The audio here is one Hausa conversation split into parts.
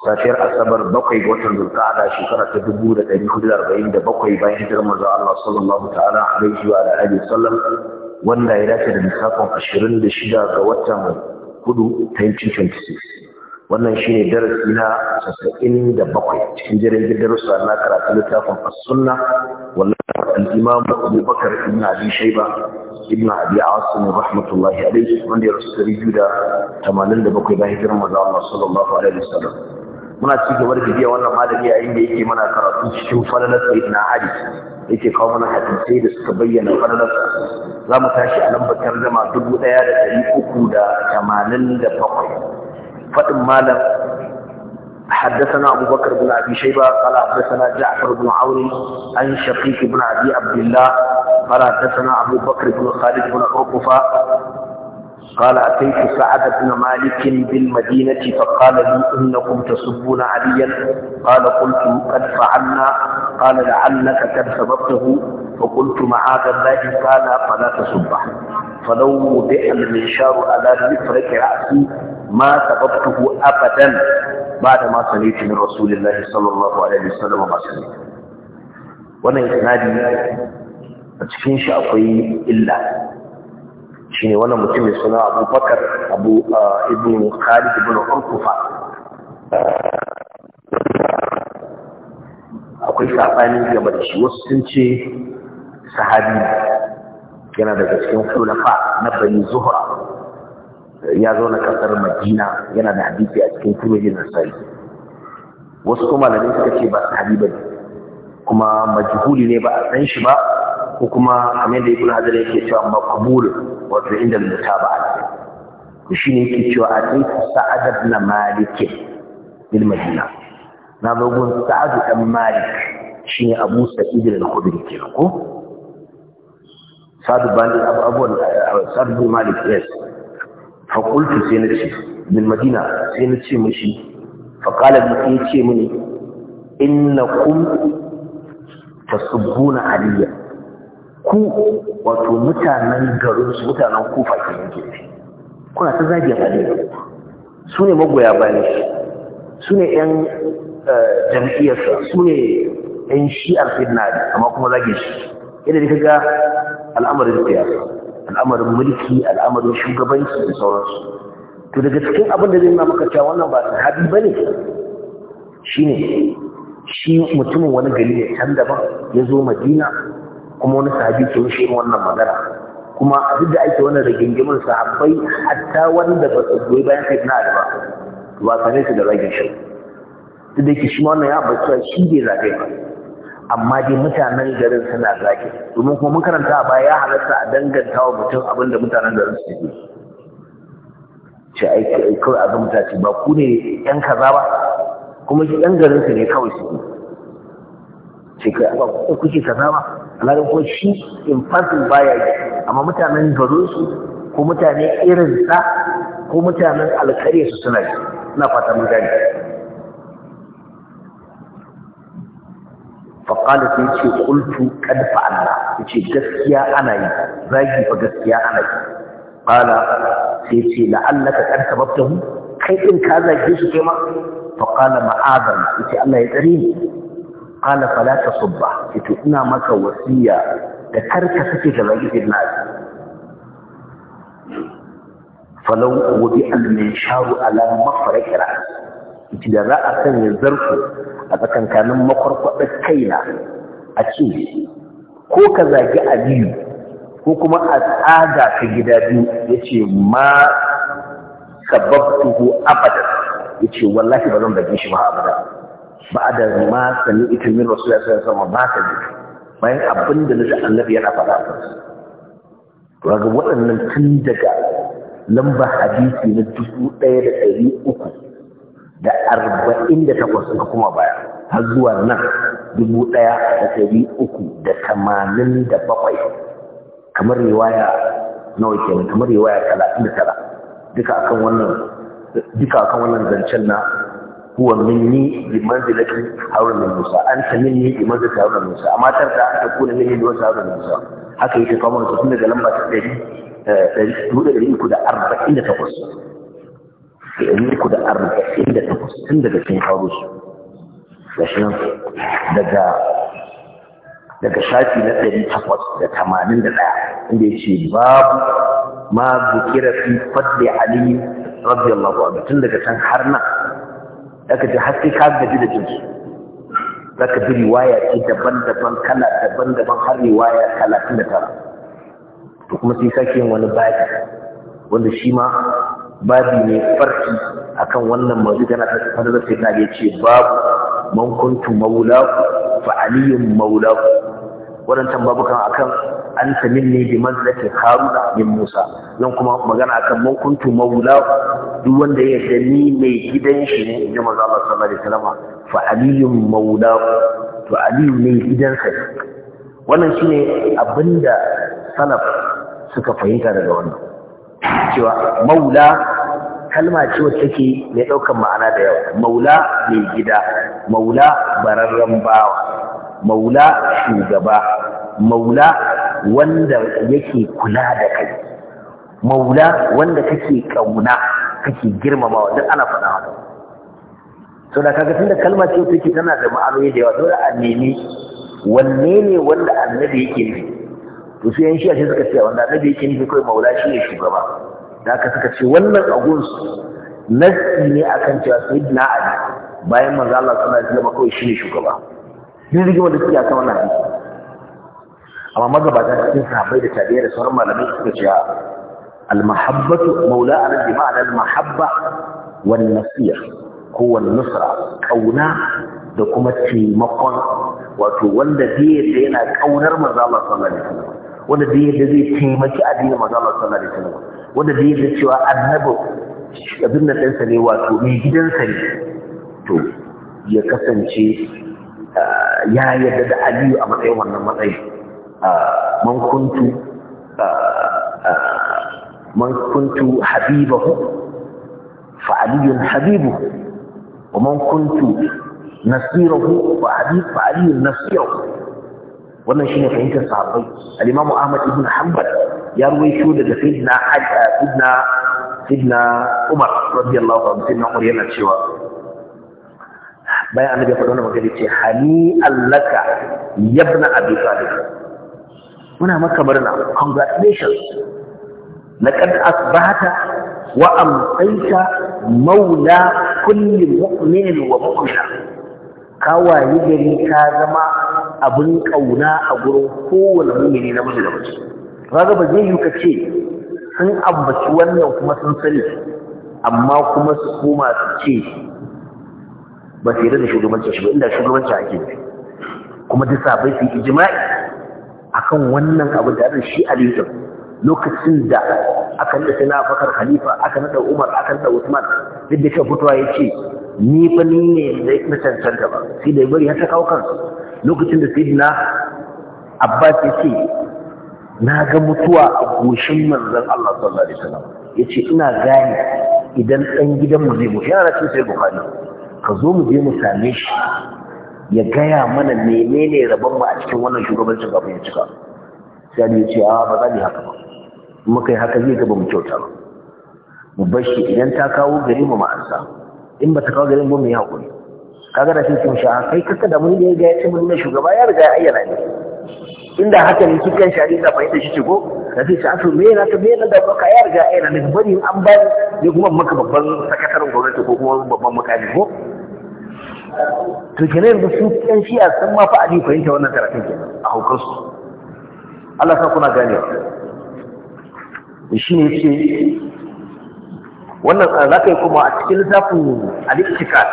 safiyar asabar bakwai ga Zulka zulqa'ada shekara ta dubu da ɗari hudu da arba'in da bakwai bayan hijirar manzo Allah sallallahu ta'ala alaihi wa alihi sallam wanda ya dace da lissafin ashirin da shida ga watan hudu 1926 wannan shi ne darasi na casa'in da bakwai cikin jirgin darussa na karatu littafin as Wannan wallahi al-imam Abu Bakar ibn Abi Shayba ibn abi asim rahmatullahi alayhi wanda ya rasu da 87 bayan hijirar manzo Allah sallallahu alaihi wasallam muna ci gaba da bibiya wannan malami a inda yake mana karatu cikin falalar sayyidina ali yake kawo mana hadisai da suka bayyana falalar za mu tashi a lambar tarjama dubu ɗaya da ɗari uku da tamanin da bakwai faɗin malam حدثنا أبو بكر بن أبي شيبة قال حدثنا جعفر بن عون عن شقيق بن أبي عبد الله قال حدثنا أبو بكر بن خالد بن عقفة قال أتيت سعد بن مالك بالمدينة فقال لي إنكم تسبون عليا قال قلت قد فعلنا قال لعلك قد سببته فقلت معاذ الله قال فلا تسبه فلو وضع المنشار على مفرق رأسي ما سببته أبدا بعد ما سمعت من رسول الله صلى الله عليه وسلم ما سمعت وانا إسنادي أتكين شعبي إلا shine wannan mutum mai suna Abu Bakar uh, Abu Ibn Khalid ibn akwai saɓani gaba da shi wasu sun ce sahabi yana daga cikin khulafa na Bani Zuhra ya zauna kasar Madina yana da hadisi a cikin Tirmidhi da Sahih wasu kuma malamai suka ce ba sahabi bane kuma majhuli ne ba a san shi ba ko kuma kamar da ibn hajar yake cewa maqbul wato inda mutaba'a shi ne yake cewa ataitu sa'ad ibn malik bil madina na bugun sa'ad ibn malik shi ne abu sa'id al-khudri ke ko sa'ad ibn abu abu sa'ad ibn malik yes fa qultu sai na ce bil madina sai na ce mishi fa qala ibn ce mini innakum tasubbuna aliyya ku wato mutanen garin su mutanen kufa ke yanke kuna ta zagiyar aliyu su ne magoya bayan shi su ne yan eh, jam'iyyarsa su ne yan shi'ar fitna amma kuma zagi shi yadda da ga al'amarin siyasa al'amarin mulki al'amarin shugabanci da sauransu to daga cikin abin da zai nuna maka cewa wannan ba ne bane ne? shi mutumin wani gari ne can daban ya zo madina kuma wani sahabi ke shi wannan magana kuma abin duk da ake wannan rigingimin sahabbai hatta wanda ba su goyi bayan sai na ba ba sane su da ragin shi duk da ke shi wannan ya bacewa shi bai zaɓe amma dai mutanen garin suna zaƙi domin kuma mun karanta a baya ya halatta a danganta wa mutum abin da mutanen garin su ke ce ai kawai a ga ce ba ku ne yan kaza ba kuma yan garin su ne kawai su sai kai aka ko kuke kaza ba alhalin ko shi in fasin baya yi amma mutanen garin su ko mutane irin sa ko mutanen alkarya su suna yi ina fata mun gani faƙali sai ce ƙultu ƙadfa Allah ya ce gaskiya ana yi zagi fa gaskiya ana yi ƙala sai ce la'allaka ƙarfa babtahu kai ɗin ka zage su kai ma faƙala ma'azan ya ce Allah ya tsare ni qala fala tasubba ita, ina maka wasiya da karka sake ka zagi ibn ali falau wudi al ala mafarq ra'as kiti da za a sanya zarfu a tsakankanin makwarkwada kaina a ce ko ka zagi aliyu ko kuma a tsaga ka gida biyu ya ce ma sababtuhu abada ya ce wallahi ba zan zage shi ba abada ba'da ma sami ita min rasulullahi sallallahu alaihi wasallam ba ta ji bayan abin da nabi annabi yana faɗa ta to ga waɗannan tun daga lamba hadisi na dubu da ɗari da arba'in da kuma baya har zuwa nan dubu da ɗari da tamanin kamar riwaya nawa kenan kamar riwaya 39 duka akan wannan duka akan wannan zancen na huwa minni bi manzilati harun min musa anta minni bi manzilati harun min musa amma tarka an takuna minni bi manzilati harun min musa haka yake kawo mana tun daga lamba ta 148 eh, ku da arba'in da takwas tun daga cikin faru su da daga daga shafi na ɗari takwas da tamanin da ɗaya inda ya ce babu ma bukira fi fadli ali radiyallahu anhu tun daga can har nan zaka ji haske ka gaji da jinsu zaka ji riwaya ce daban-daban kala daban-daban har riwaya talatin da tara to kuma sai sake yin wani babi wanda shi ma babi ne farki akan wannan mazu kana ta fara da sai na ce babu man kuntu maula fa aliyun maula waɗancan babukan akan an ne bi manzilati haruna min musa nan kuma magana akan man kuntu maula duk wanda ya yarda ni mai gidan shi ne inji manzo Allah sallallahu alaihi wasallam fa aliyun maula to aliyu mai sa wannan shine abinda salaf suka fahimta daga wannan cewa maula kalma ce wacce take mai ɗaukan ma'ana da yawa maula mai gida maula bararren bawa maula shugaba maula wanda yake kula da kai maula wanda kake kauna kake girmamawa duk ana faɗa haka to da kaga tunda kalma ce take tana da ma'anoyi da yawa dole a nemi wanne ne wanda annabi yake nufi to sai yan shiya ce suka ce wanda annabi yake nufi kai maula shi ne shugaba da aka suka ce wannan agun nasi ne akan cewa sayyidina ali bayan manzo Allah sallallahu alaihi wasallam kawai shi ne shugaba duk rigima da suke akan wannan hadisi amma magabata cikin sahabbai da tabi'ai da sauran malamai suka ce al-mahabbatu maula, bi ma'ana al-mahabba wan nasiya ko wan nusra kauna da kuma taimakon wato wanda zai yana kaunar manzo Allah sallallahu alaihi wasallam wanda da yadda zai taimaki addinin manzo Allah sallallahu alaihi wasallam wanda da yadda cewa annabi abin da ɗansa ne wato mai gidansa ne to ya kasance ya yarda da aliyu a matsayin wannan matsayi ah, man kuntu ah, ah, man kuntu habibahu fa aliyun Habibu, wa man kuntu nasirahu fa habib fa aliyun nasirahu wannan shi ne fahimtar sahabbai al ahmad ibn hanbal ya ruwaito daga sayyidina sayyidina sayyidina umar radiyallahu anhu sayyidina umar yana cewa bayan annabi ya faɗa wannan magana ce hani allaka yabna abi talib muna maka murna congratulations laqad asbahta wa amsayta maula kulli mu'min wa mu'mina ka wayi gari ka zama abin kauna a gurin kowane mu'mini na mutum da mace kaga ba zai yi ka ce sun ambaci wannan kuma sun sani amma kuma su koma su ce ba su yi da shugabanci shi ba inda shugabanci ake yi kuma duk sabai su yi ijima'i kan wannan abu da ana shi aliyu lokacin da aka nada sai na khalifa aka nada umar aka nada usman duk da kan fitowa ya ce ni fa ni ne da na cancanta ba sai da bari har ta kawo kansu lokacin da sai na abbas ya ce na ga mutuwa a goshin manzon allah sallallahu alaihi wasallam ya ce ina gane idan ɗan gidanmu zai mutu yana cin sai bukari ka zo mu je mu same shi ya gaya mana menene rabon mu a cikin wannan shugabancin kafin ya cika sai ya ce a ba za mu haka ba kuma yi haka zai gaba mu kyauta ba mu bar shi idan ta kawo gari mu ma'ansa in ba ta kawo gari mu mu yi hakuri kaga da shi sun sha kai kaka da mun ya ga ya ce mun na shugaba ya riga ya ayyana ne inda haka ne kikan shari'a da fahimta shi ce ko da sai ta me yana ta me yana da baka ya riga ya ayyana ne bari an bani ne kuma maka babban sakataren gwamnati ko kuma babban makami ko to kenan yanzu sun ƴan a sun ma fa ali fahimta wannan karatun ke a haukar su Allah sa kuna gane shi ne ce wannan za ka yi kuma a cikin zafin al-ittiqad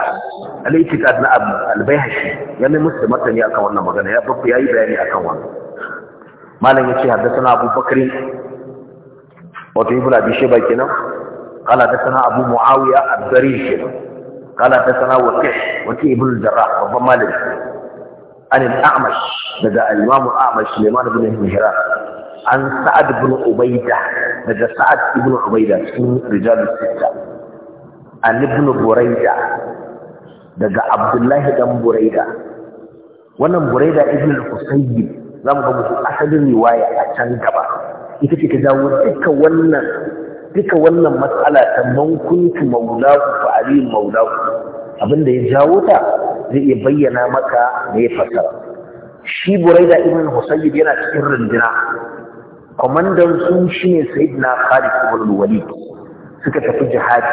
al-ittiqad na al Hashi. yana musu martani akan wannan magana ya ya yayi bayani akan wannan malam yace na Abu Bakr wato ibnu Abi Shayba kenan qala haddathana Abu Muawiya ad-Dari kenan قال حدثنا وكيع وكيع بن الجراح وابن مالك عن الأعمش بدأ الإمام الأعمش سليمان بن مهران عن سعد بن عبيدة بدأ سعد بن عبيدة من رجال الستة عن ابن بريدة بدأ عبد الله بن بريدة wannan بريده ابن الحسين لم يكن احد روايه عن riwaya a can ita ce jawo dukkan wannan duka wannan matsala ta mankuntu kuntu maulahu fa ali abinda ya jawo ta zai iya bayyana maka me ya fasara shi buraida ibn husayyib yana cikin rundina komandan su shine sayyidina khalid ibn walid suka tafi jihadi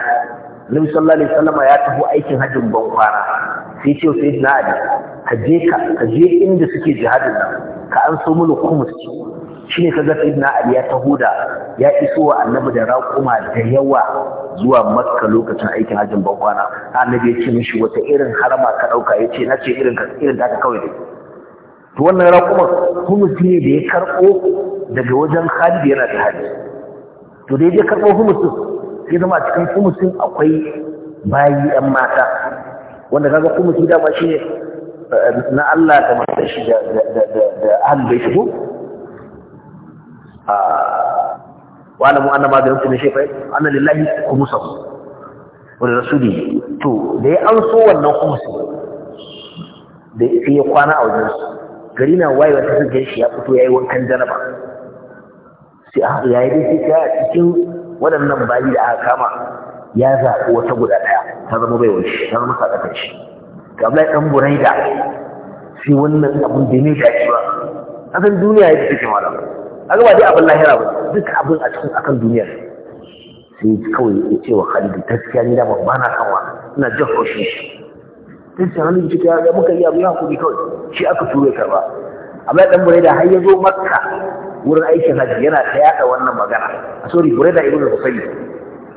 nabi sallallahu alaihi wasallam ya tafi aikin hajjin ban kwana sai ce sayyidina ali ka je ka ka je inda suke jihadin nan ka an so mun kumus shi ne kaga sayyidina ali ya taho da ya iso wa annabi da raƙuma da yawa zuwa makka lokacin aikin hajjin bankwana annabi ya ce mishi wata irin harama ka ɗauka ya ce na ce irin irin ta kawai da to wannan raƙuman humus ne da ya karɓo daga wajen da yana da hali to da ya karɓo kuma humusin sai zama a cikin humusin akwai bayi ɗan mata wanda kaga humusi dama shi ne eh, na Allah da matashi da bai shigo Ah. wa'alamu anna ma garin kuma shefai anna lillahi kumusa wani rasuli to da ya an so wannan kumusa da ya kwana a wajen su gari na wayewa ta sun shi ya fito ya yi wankan janaba sai a haɗu ya yi ta sai a cikin waɗannan bayi da aka kama ya zaɓi wata guda ɗaya ta zama bai shi ta zama sadakar shi ga Abdullahi dan Buraida sai wannan abun da ne da shi ba kan duniya ya fi cikin malam Aga ba dai abin lahira ba duka abin a cikin akan duniya sai kawai ya ce wa Khalid gaskiya ni da ba na kan wa ina jin haushi sai sai Khalid ta ya muka yi abu ya hakuri kawai shi aka ture ka ba amma ɗan Buraida har ya zo Makka wurin aikin haji yana ta yada wannan magana A sorry Buraida yi Husayn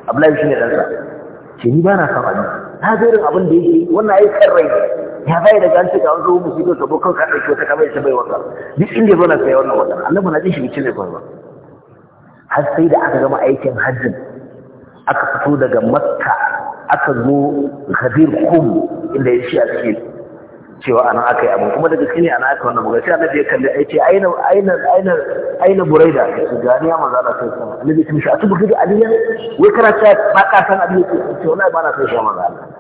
Abdullahi shine dan sa ce ni ba na kan wani na ga irin abin da yake wannan aikin rai ne. ya bai da ganci ga wasu mu su dosa bokan ka dauke ta kamar ta bai wata duk inda zo na sai wannan wata annabi na jin shi cikin ba har sai da aka gama aikin hajjin aka fito daga makka aka zo gadir kum inda ya shi a cikin cewa ana aka yi abin kuma daga gaske ne ana aka wannan buga sai annabi ya kalli ai ce aina aina aina aina buraida su gani ya maza da sai sama annabi ya mishi a tubu gidi aliyan wai kana ta ba ka san abin yake ce wallahi ba na sai shi maza Allah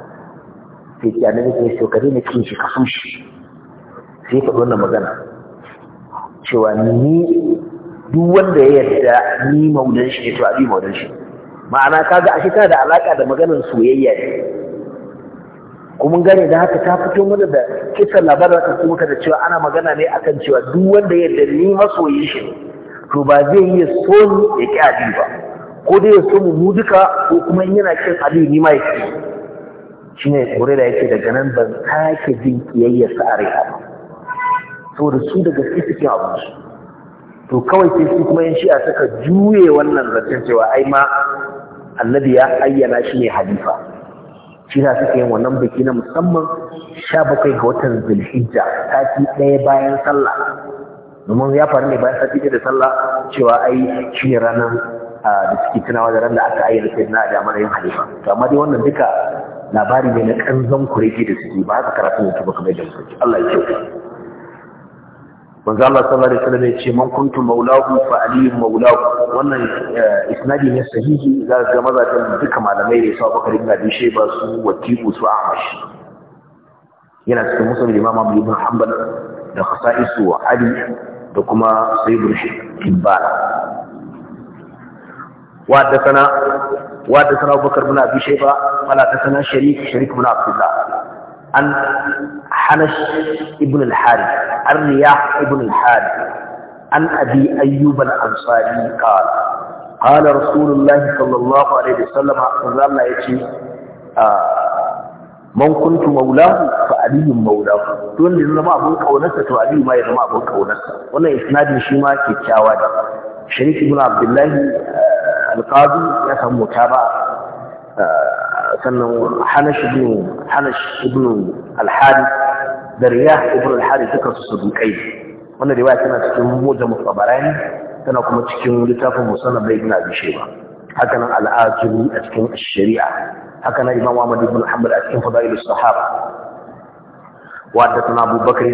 sai ki annabi sai so kare ne kin shi ka san shi sai ka wannan magana cewa ni duk wanda ya yarda ni maudan shi ne to abi maudan shi ma'ana kaga ashe ta da alaka da maganar soyayya ne kuma gane da haka ta fito mana da kisan labarin ka kuma da cewa ana magana ne akan cewa duk wanda ya yarda ni masoyin shi ne to ba zai iya so ya ƙi abi ba ko dai ya so mu duka ko kuma in yana kin abi ni ma ya ƙi shine da yake daga nan ban sake jin kiyayya sa a raina ba saboda su daga gaske suke abu to kawai sai su kuma yan a suka juye wannan zancen cewa ai ma annabi ya ayyana shi ne halifa shi za suka yin wannan biki na musamman sha bakwai ga watan zulhijja sati ɗaya bayan sallah domin ya faru ne bayan sati ɗaya da sallah cewa ai shi ne ranar ah, da suke tunawa da ran da aka ayyana sai na da mana yin halifa to amma dai wannan duka labari ne na kanzon kurege da suke ba haka karatun yake ba kamar da musulunci Allah ya kyauta manzo Allah sallallahu alaihi wasallam ya ce man kuntu maulahu fa Aliyu maulahu wannan eh, isnadi ne sahihi za ga mazatan duka malamai ne su bakari ibn Abi ba su Waqibu su Ahmad yana cikin musulun Imam Abu Ibn Hanbal da khasaisu wa Ali da kuma Sayyid Ibn Hibban وحدثنا وحدثنا ابو بكر بن ابي شيبه قال حدثنا شريك شريك بن عبد الله عن حنش ابن الحارث عن رياح ابن الحارث عن ابي ايوب الانصاري قال قال رسول الله صلى الله عليه وسلم قال الله يجي man kuntu maulahu fa aliyun maulahu to wanda ya zama abun kaunarsa ما aliyu ma ya wannan isnadin shi ma da ibn abdullahi alƙadu ya san ta ba sannan hanash ibn hanash ibn al-hadi da riyah ibn al-hadi duka su sadukai wannan riwaya tana cikin mujam tabarani tana kuma cikin littafin musannad bai ibn abi shayba haka nan al-ajuri a cikin shari'a haka nan imam ahmad ibn hanbal a cikin fadail as-sahaba wa da tana abubakar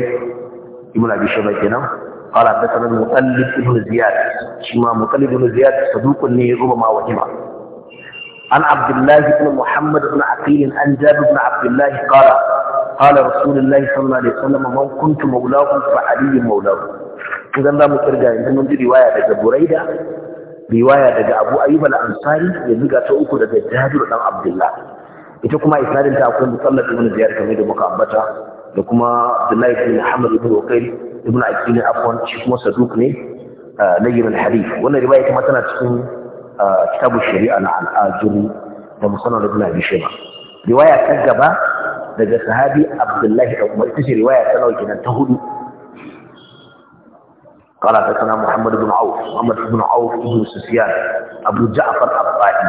ibn abi shayba kenan قال حدثنا المقلد بن زياد شما مقلد بن زياد صدوق ربما وهما عن عبد الله بن محمد بن عقيل عن جابر بن عبد الله قال قال رسول الله صلى الله عليه وسلم من كنت مولاه فعلي مولاه اذا لا مترجع اذا من روايه daga Buraida riwaya daga Abu Ayyub al-Ansari yanzu ga ta uku daga Jabir dan Abdullah ita kuma isnadin ta akwai musallad wani Ziyad kamar da muka ambata da kuma Abdullah ibn Muhammad ibn Uqayl ibn aqil afwan shi kuma saduk ne layyin al-hadith wannan riwaya kuma tana cikin kitabu shari'a na al-ajuri da musannad ibn abi shayba riwaya ta gaba daga sahabi abdullahi da umar ita ce riwaya ta nauki nan ta hudu قال حدثنا محمد بن عوف محمد بن عوف بن سفيان ابو جعفر الرائي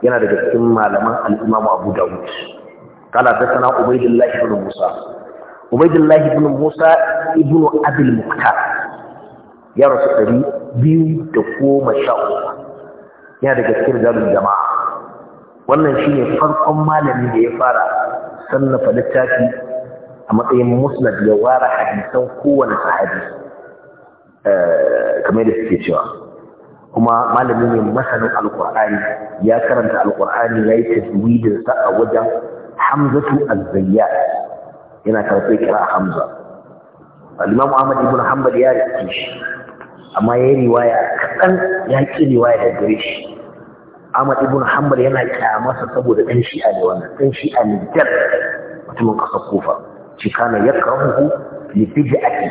yana daga cikin malaman al-imam abu dawud قال حدثنا عبيد الله بن موسى Ubaidullahi ibn Musa ibn Abil Mukhtar ya rasu ɗari biyu da goma sha yana ya daga cikin zaɓin jama'a wannan shi ne farkon malami da ya fara sannafa littafi a matsayin musnad ya ware hadisan kowane sahabi eh, kamar da suke cewa kuma malami ne masanin alkur'ani ya karanta alkur'ani ya yi taswidinsa a wajen hamzatu Az-Zayyar. yana karfe kira hamza al-imam ahmad ibn hanbal ya rike shi amma ya riwaya kaɗan ya ki riwaya da gare shi ahmad ibn hanbal yana kyamarsa saboda ɗan shi'a ne wannan ɗan shi'a ne jar mutumin ƙasar kufa shi kana ya karahu li bid'ati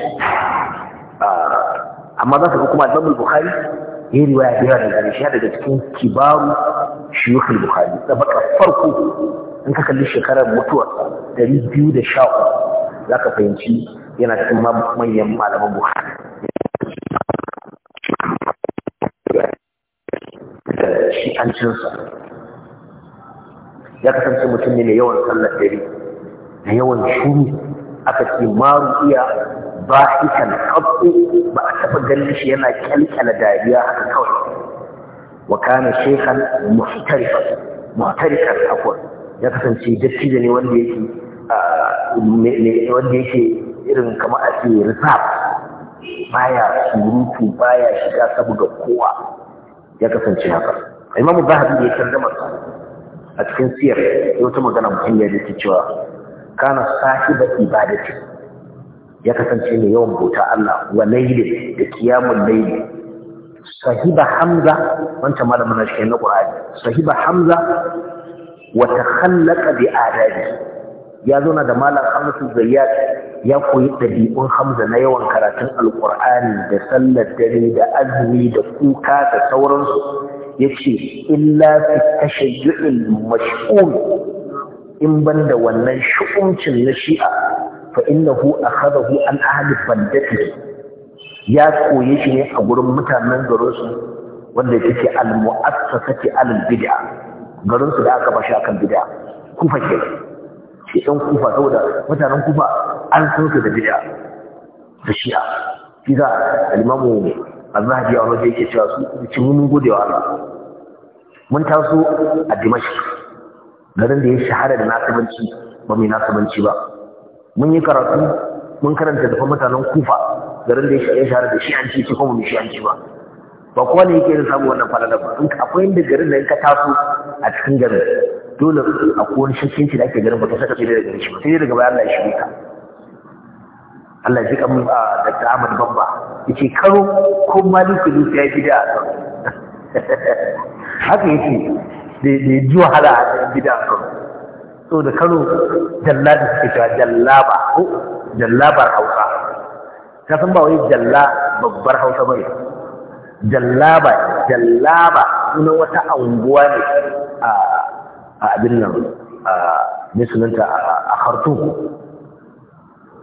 ah, amma za ka ga kuma al-imam bukhari ya riwaya da yawa da gare shi daga cikin kibaru shuyukh al-bukhari da baka farko in ka kalli shekarar mutuwa 213 za ka fahimci yana cikin manyan malaman buhari da shi'ancinsa ya kasance mutum ne mai yawan sallar dare da yawan shuru aka ce maru iya ba ikan kabko ba a taɓa ganin shi yana kyalkyala dariya haka kawai wa kana shekhan muhtarikan akwai ya kasance dattijo ne wanda yake wanda yake irin kama a ce ba baya surutu baya shiga saboda kowa ya kasance haka imamu zahabi ya tarjama a cikin siyar ya wata magana mutum ya ke cewa kana sahiba ibadati ya kasance mai yawan bauta Allah wa laili da kiyamun laili sahiba hamza wancan malamin na cikin na qur'ani sahiba hamza wata hallaka bi adadi ya zauna da malam hamsu zayyad ya koyi ɗabi'un hamza na yawan karatun alƙur'ani da sallar dare da azumi da kuka da sauransu ya ce illa fi tashayyu'il mash'um in banda wannan shu'umcin na shi'a fa innahu akhadahu an ahli bandati ya koyi shi ne a gurin mutanen garinsu wanda yake al-mu'assasati al-bid'a garin su da aka bashi akan bid'a kufa ke shi dan kufa saboda mutanen kufa an san su da bid'a da shi'a kiza al-imamu az-zahabi a wajen yake cewa su ci mun gode wa Allah mun taso a dimashq garin da ya shahara da nasabanci ba mai nasabanci ba mun yi karatu mun karanta da mutanen kufa garin da ya shahara da shi'anci ko mu shi'anci ba ba kowa ne yake irin samu wannan falalar ba in akwai inda garin da in ka taso a cikin garin dole a kowane shakkinci da ake garin ba ta saka sai daga garin shi ba sai daga bayan Allah ya shirye ka Allah ji kan ah, Dr. Ahmad Bamba yace karo ko maliki duk ya gida a kan haka yake da da ji wahala a gida a kan so da karo jalla da suke cewa jallaba ko jallabar Hausa ka san ba wai jalla babbar Hausa ne. jallaba jallaba sunan wata anguwa ne a abin nan ne a khartoum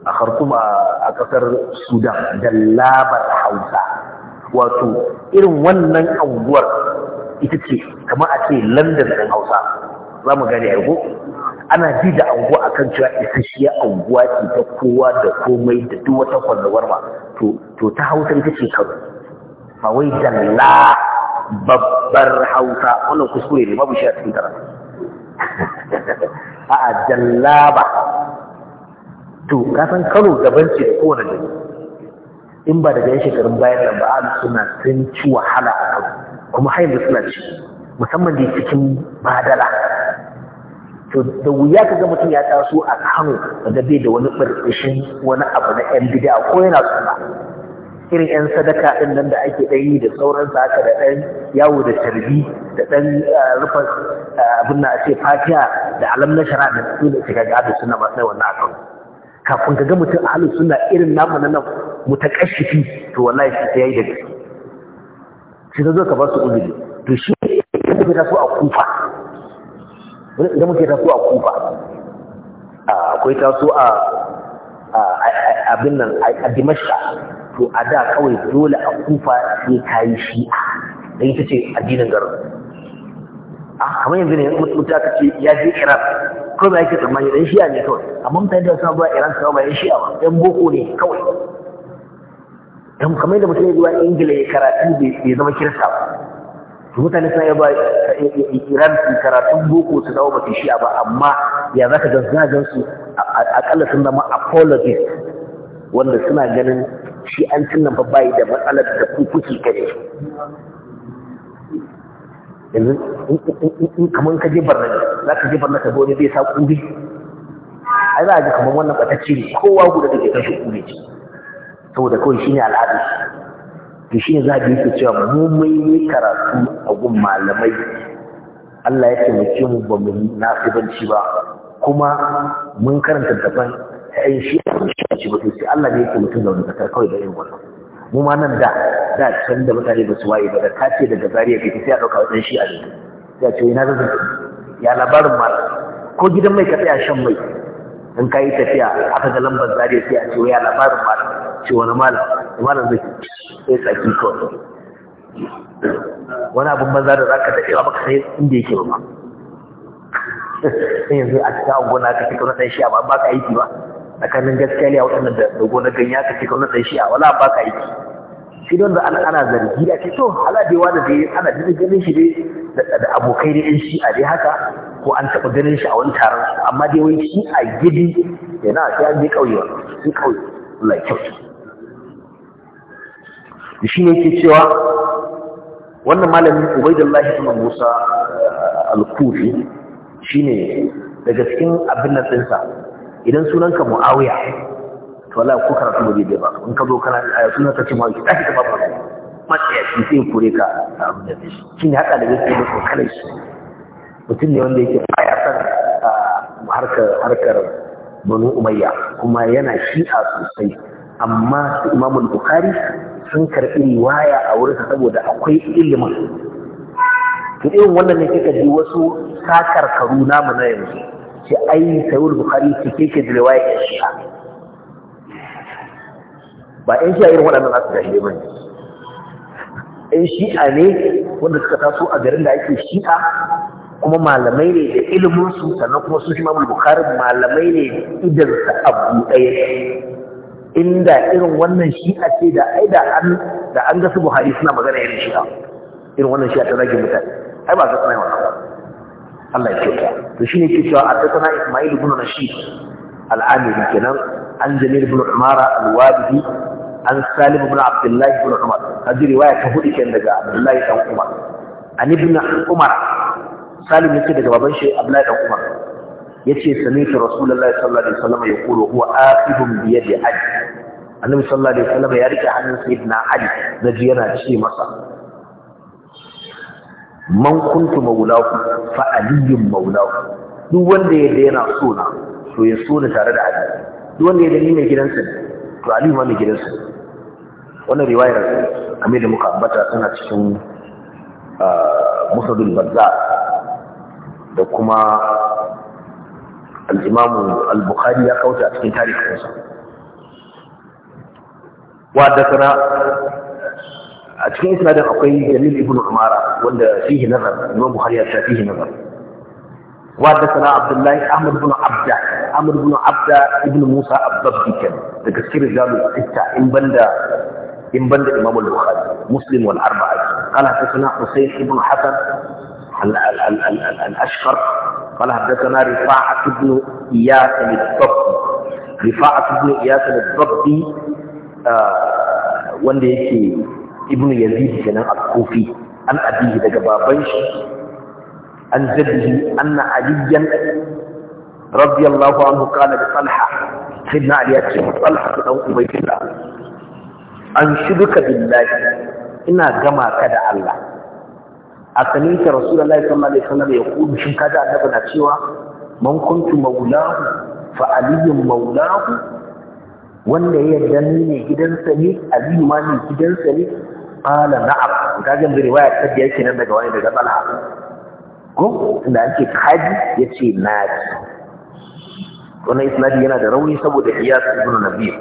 a khartoum a kasar sudan jallabar hausa wato irin wannan anguwar ita ce kamar a ce london ɗin hausa za mu gani aiko ana ji da anguwa a kan cewa isasshiyar anguwa ce ta kowa da komai da duk wata ma to ta hausa ita ce kano ba wai zalla babbar hausa wannan kuskure ne babu shi a cikin karatu a'a jalla ba to kasan kano daban ce da kowane gari in ba daga yan shekarun bayan nan ba alu suna sun ci wahala a kano kuma har da suna ci musamman da cikin badala to da wuya ka ga mutum ya taso a kano daga bai da wani ɓarɓashin wani abu na yan bida ko yana suna irin 'yan sadaka ɗin nan da ake ɗayi da sauransa haka da ɗan yawo da tarbi da ɗan ah, rufa ah, abin na ce fatiya da alam na shara da su ne shiga gado suna masu na akan kafin ka ga mutum a halin suna irin namu na nan mutakashifi to wallahi shi ta yayi da gaske shi ta zo ka ba su uzuri to shi idan muke taso a kufa idan muke taso a kufa ah, akwai taso a abin nan a dimashka to a da kawai dole a kufa sai ta yi shi'a da ta ce addinin garin a ah, kamar yanzu ne mutu ka ce ya je iran kawai ba yake tsammani dan shi'a ne kawai amma mutane da suna zuwa iran kawai ba yan shi'a ba yan boko ne kawai dan kamar yadda mutum ya zuwa ingila ya karatu bai zama kirista ba to mutane suna yaba iran su karatun boko su dawo ba su shi'a ba amma ya za ka gansu na gansu sun zama apologist wanda suna ganin shi an tunan babbayi da matsalar da kukuki ka ne in kamar ka je barna ne za ka je barna ka zo ne zai sa kuri ai za a ji kamar wannan ɓatacce ne kowa guda da ke kashe kuri ce saboda kawai shi ne al'adu to shi ne za a ji yake cewa mu mai karatu a gun malamai Allah ya taimake mu ba mu nasibanci ba kuma mun karanta daban ta shi ce ba sai Allah ne yake mutum da wani zakar kawai da irin wannan mu ma nan da da can da mutane ba su waye ba da kace daga zariya kai sai a dauka wadan shi a ne ya ce ina zan ya labarin ma ko gidan mai ka tsaya shan mai in kai tafiya aka ga lambar zariya sai a ce ya labarin ma ce wani malam malam zai sai tsaki kawai wani abin banza da za ka da yawa baka sai inda yake ba sai yanzu a cikin gona ka fi kuma dan shi ba ba ka aiki ba tsakanin gaskiya ne a waɗannan da dogo na ganya ka ce kaunar ɗan a wala ba ka aiki shi don da ana zargi da ce to haladewa da dai ana da ganin shi dai da abokai da yan a dai haka ko an taɓa ganin shi a wani taron su amma dai wai shi a gidi yana na sai an je ƙauye ƙauye Allah shi ne ke cewa wannan malamin ubaidullahi ibn musa eh, al-kufi shine daga cikin abin nan ɗinsa idan sunanka mu'awiya to Allah ko karatu ba dai ba in ka zo kana a sunan ka ce ma ki tafi ba ba matsaya shi sai kure ka a da shi ne haka da yake da kokarin shi mutum ne wanda yake baya san harkar harkar banu umayya kuma yana shi'a sosai amma su imamul bukhari sun karɓi riwaya a wurinsa saboda akwai ilimin to irin wannan ne kika ji wasu sakarkaru namu na yanzu ce ai sayul bukhari cike ke da riwaya ta shi'a ba ɗan shi'a irin waɗannan za su jahilai ba ne ɗan shi'a ne wanda suka taso a garin da ake shi'a kuma malamai ne da iliminsu sannan kuma sun shi mamul bukhari malamai ne sa abu ɗaya inda irin wannan shi'a ce da ai da an da an ga su buhari suna magana irin shi'a irin wannan shi'a ta zagin mutane ai ba ga suna yawan Allah ya kyauta to shi ne ke cewa haddathana Isma'il ibn Rashid al-Amiri kenan an Jamil ibn Umara al-Wadi an Salim ibn Abdullah ibn Umar hadi riwaya ta hudu kenan daga Abdullah ibn Umar an ibn Umar Salim yace daga baban shi Abdullah ibn Umar yace sami'tu Rasulullahi sallallahu alaihi wasallam yaqulu huwa akhidun bi yadi Ali annabi sallallahu alaihi wasallam ya rike hannun sayyidina Ali naji yana ce masa man kuntu maulahu fa aliyun maulahu duk wanda ya yana so na to ya so ni tare da ali duk wanda ya dani mai gidansa ne, to ali ma mai gidansa wannan riwayar kamar da muka ambata tana cikin ah, musadul bazza da kuma al-imam al-bukhari ya kauta cikin tarihi tarihinsa wa da a cikin isnadin akwai jamil ibn umara wanda fihi nazar imam bukhari ya sa fihi nazar wa da sana abdullahi ahmad ibn abda ahmad ibn abda ibn musa abdabbi kan daga cikin rijalu sita in banda in banda imam al-bukhari muslim wal arba'a qala hadathana husayn ibn hasan al-ashqar قال حدثنا رفاعة بن إياس الضبي رفاعة بن إياس الضبي آه وانده يكي ابن يزيد كان الكوفي ان ابيه دجبابنش ان زده ان عليا رضي الله عنه قال لطلحه سيدنا علي يكفي طلحه او ابي الله شبك بالله ان جمع كدا الله اسنيك رسول الله صلى الله عليه وسلم يقول شن كدا انا cewa من كنت مولاه فعلي مولاه وأن ya danne gidansa ne aliyu ma قال نعم ka ga رواية ta da yake nan daga wani daga Talha ko inda ake kaji yace naji wannan isnadi سبو دحيات ابن saboda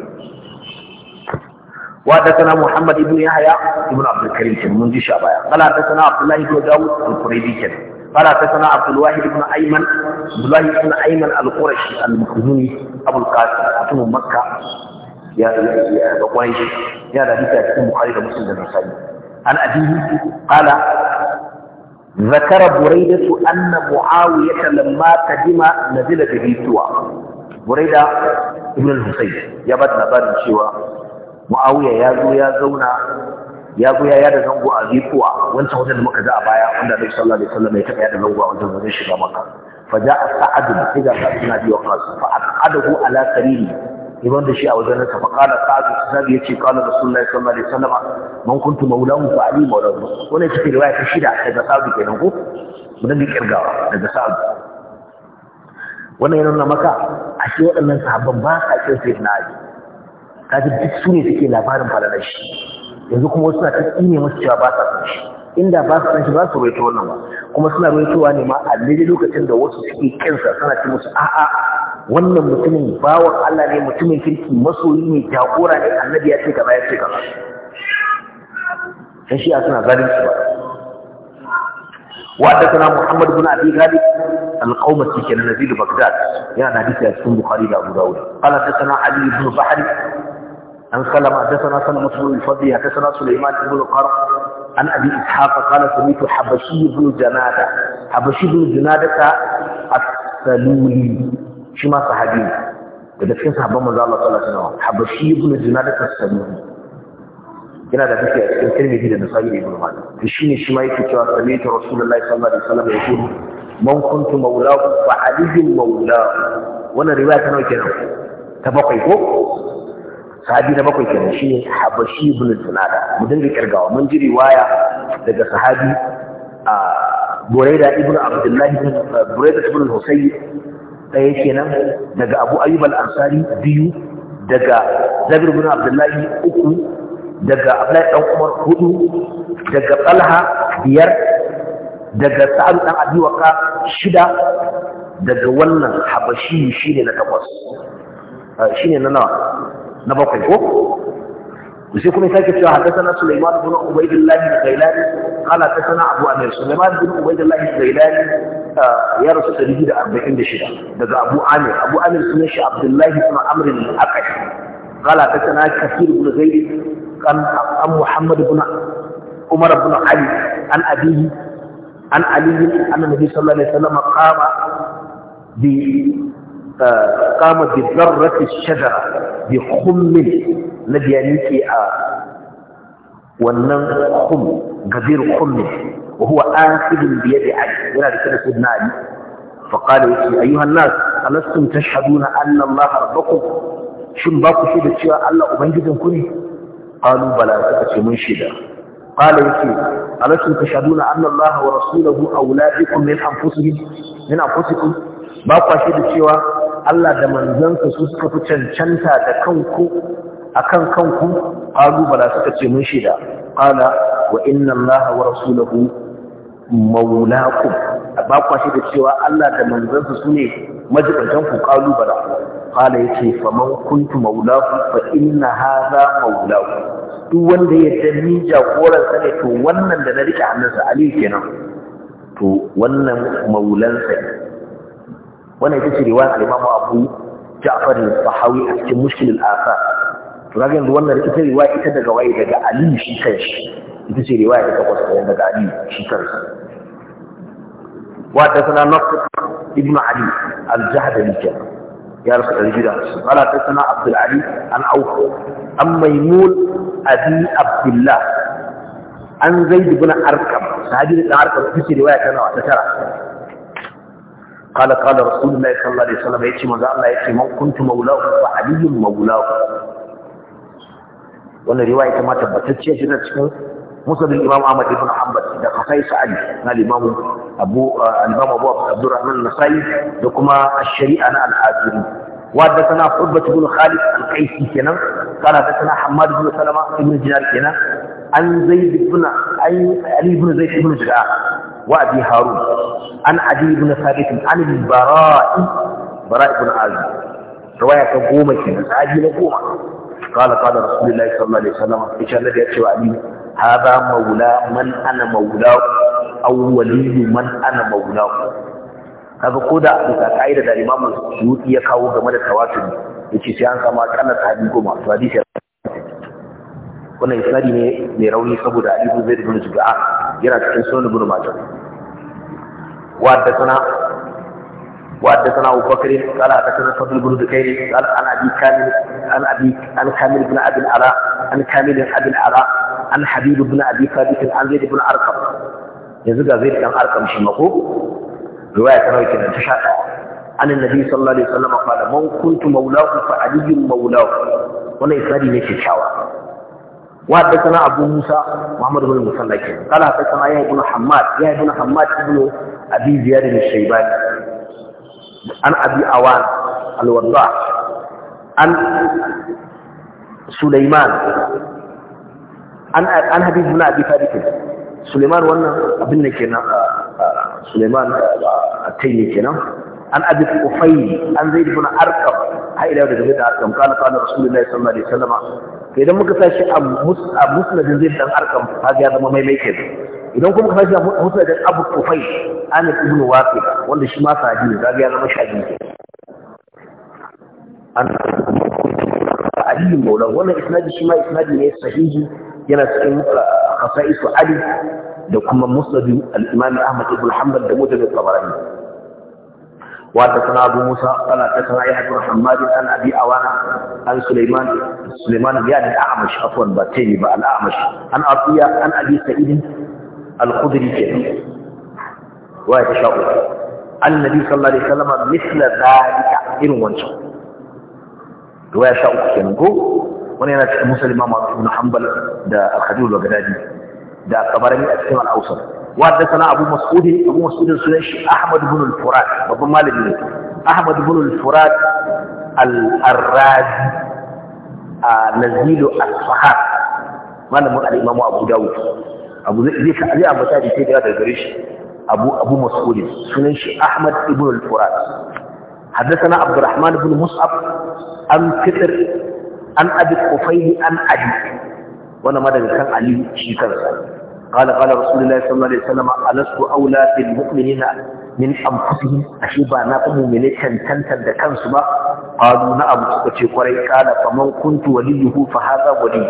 وحدثنا محمد بن يحيى بن عبد الكريم من جيش أبايا قال حدثنا عبد الله بن داود القريبي كان قال حدثنا عبد الواحد بن أيمن عبد الله بن أيمن القرشي المخزومي أبو القاسم أتم مكة ya ya ga kwai ya da bisa cikin da muslim da nasai an abihi qala zakara buraidatu anna muawiyah lamma qadima nazila bihi suwa buraida ibn al-husayn ya bada labarin cewa muawiya ya zo ya zauna ya ya zango a zikuwa wancan wajen da muka za a baya wanda Annabi sallallahu alaihi wasallam ya taɓa da zango a wajen wajen shiga maka fa sai ga ibn sa'ad ibn abi kasu, fa aqadahu ala sariri ya wanda shi a wajen nasa fa qala sa'd sabi yace qala rasulullahi sallallahu alaihi wasallam man kuntu maulahu fa ali maulahu wannan ce riwaya ta shida daga sa'd kenan ko mu dinga kirgawa daga sa'd wannan yana nuna maka a shi waɗannan sahabban ba sa kin sai na ali kaji duk su ne suke labarin falalar shi yanzu kuma wasu suna ta tsine musu cewa ba sa san shi inda ba su san shi ba su roito wannan ba kuma suna roitowa ne ma a lokacin da wasu suke kinsa suna ce musu a'a wannan mutumin bawon Allah ne mutumin kirki masoyi ne jagora ne annabi ya ce gaba ya ce gaba sai shi'a suna zalin su ba wadda kana muhammad ibn abi al-qawm tike na nabi baghdad ya na hadisi a cikin bukhari da abu dawud qala tana ali ibn bahri an kalama da tana sana musul fadhi ya tana sulaiman ibn qara an abi ishaq qala samitu habashi ibn janada habashi ibn janada ka as-saluli shi ma sahabi ne daga cikin sahabban manzo Allah sallallahu alaihi wasallam habashi ibn junada as-samiri yana da a cikin tirmidhi da nasa'i da ibn Da shi ne shi ma yake cewa sami'tu rasulullahi sallallahu alaihi wasallam yaqul man kuntu maulahu fa aliyyun maulahu wannan riwaya ta nawa nan? ta bakwai ko sahabi na bakwai kenan shi ne. habashi ibn da. mu dinga kirgawa mun ji riwaya daga sahabi a Buraida ibn Abdullahi, ibn Buraida ibn Husayn ɗaya kenan daga abu ayubal ansari biyu daga zabir bin abdullahi uku daga abdullahi ɗan umar hudu daga ɓalha biyar daga sa'adu ɗan abiwaka shida daga wannan habashi shine na takwas ah, shine na nawa na bakwai ko sai kuma sake cewa haddathana Sulaiman ibn Ubaydillah al-Ghailani qala haddathana Abu Amir Sulaiman ibn Ubaydillah al-Ghailani uh, ya rasu 146 daga Abu Amir Abu Amir sunan shi Abdullah ibn Amr al-Aqash qala haddathana Kathir ibn Zaid kan an Muhammad ibn Umar ibn Ali an abihi an Ali anna Nabi sallallahu قام بذرة الشجرة بخم الذي مديانيك ونن خم غزير خم وهو آخذ بيد علي ولا لكي نكون علي فقال أيها الناس ألستم تشهدون أن الله ربكم شن باكو شيدة شواء الله أبنجدن كني قالوا بلا فكت منشدة قال يكي ألستم تشهدون أن الله ورسوله أولادكم من أنفسهم من أنفسكم ba kwashe da cewa Allah da manzansa su suka fi cancanta da kanku akan kanku ƙalubala, suka ce mun shida qala wa inna allaha wa rasuluhu maulakum ba kwashe da cewa Allah da manzansa su ne majibantan ku qalu bala qala yace faman kuntu maulahu fa inna hadha maulahu duk wanda ya danni jagoran sa ne to wannan da na rike hannunsa ali kenan to wannan maulansa ne wannan ita ce riwayar al-imamu abu ja'far al-sahawi a cikin mushkil al-athar to kaga yanzu wannan ita riwaya ita daga waye daga ali shi kanshi ita ce riwaya ta takwas kenan daga ali shi kansa wa ta sana nafsu ibnu ali al-jahdali kenan يا رسول الجدار قال حدثنا عبد العلي عن عوف عن ميمون ابي عبد الله عن زيد بن ارقم هذه الارقم في روايه كان وتترى قال قال رسول الله صلى الله عليه وسلم ايش ماذا الله يتي مو كنت مولاه وعلي مولاه وانا رواية ما تبتت شيء جنة شكرا مصد الإمام احمد بن حمد إذا خفاي سعد قال الإمام أبو الإمام أبو عبد الرحمن النصائي لكما الشريعة أنا الحاضرين وادتنا حربة بن خالد القيسي كنا قال ادتنا حماد بن سلمة بن جنار كنا عن زيد بن أي علي بن زيد بن جراء وأبي هارون an adi ibn sabit an al-bara'i bara'i ibn azib riwaya ta goma kenan sahabi na goma قال قال رسول sallallahu alaihi الله عليه وسلم ان شاء الله ya ce wa ali hada maula man ana maula aw wali man ana maula kaga ko da bisa kaida da imam Suyuti ya kawo game da tawatur yace sai an samu akalla sahabi goma to hadisi wannan isnadi ne mai rauni saboda Ali ibn Zaid ibn Jubair yana cikin sunan ibn Majah وحدثنا وحدثنا ابو بكر قال حدثنا فضل بن ذكير قال عن ابي كامل عن ابي عن كامل بن ابي العلاء عن كامل بن ابي العلاء عن حبيب بن ابي ثابت عن زيد بن ارقم يزيد زيد بن ارقم شي مكو روايه تراوي كده تشاء عن النبي صلى الله عليه وسلم قال من كنت مولاه فعلي مولاه ولا اسنادي ne kyakkyawa وحدثنا ابو موسى محمد بن المثنى قال حدثنا يحيى بن حماد يحيى بن حماد ابن abi ziyad bin shaybani an abi awan al an sulaiman an an habib bin abi thabit sulaiman wannan abin ne nan, sulaiman tayi kenan an abi ufayl an zaid bin arqam har ila da da arqam kana kana rasulullahi sallallahu alaihi wasallam idan muka sashi a musnadin zai dan arkan kaga ya zama maimai idan kuma ka shi da abu kufai anas ibn waqi wanda shi ma sadi ne kaga ya zama shadi ne an ali maulan wannan isnadi shi ma isnadi ne sahihi yana cikin khasaisu ali da kuma musnad al-imam ahmad ibn hanbal da mujahid al-tabarani وحدثنا ابو موسى قال حدثنا يحيى بن حماد عن ابي اوانا عن سليمان سليمان بن الاعمش ba al-Ahmad an عطيه an Abi Sa'id القدرية ويتشاءوا النبي صلى الله عليه وسلم مثل ذلك إنه وانشاءوا ويتشاءوا كنكو يعني ونحن موسى الامام بن حنبل دا الخديول وقنادي دا قبرني أسكن الأوسط وعدتنا أبو مسعود أبو مسعود السلاش أحمد بن الفرات بابا مالك أحمد بن الفرات الراج آه، نزيل الصحاب ما نمر الإمام أبو داود abu zai zai abu ta ce da daga gare shi abu abu sunan shi ahmad ibn al-furat hadathana abdurrahman ibn mus'ab an fitr an abi qufayl an abi wannan madan kan ali shi kan قال قال aula الله صلى min عليه وسلم ألست أولى بالمؤمنين من أنفسهم أشيبا نقم من تنتن تنتن قالوا نعم تكتشي قري قال فمن كنت وليه فهذا وليه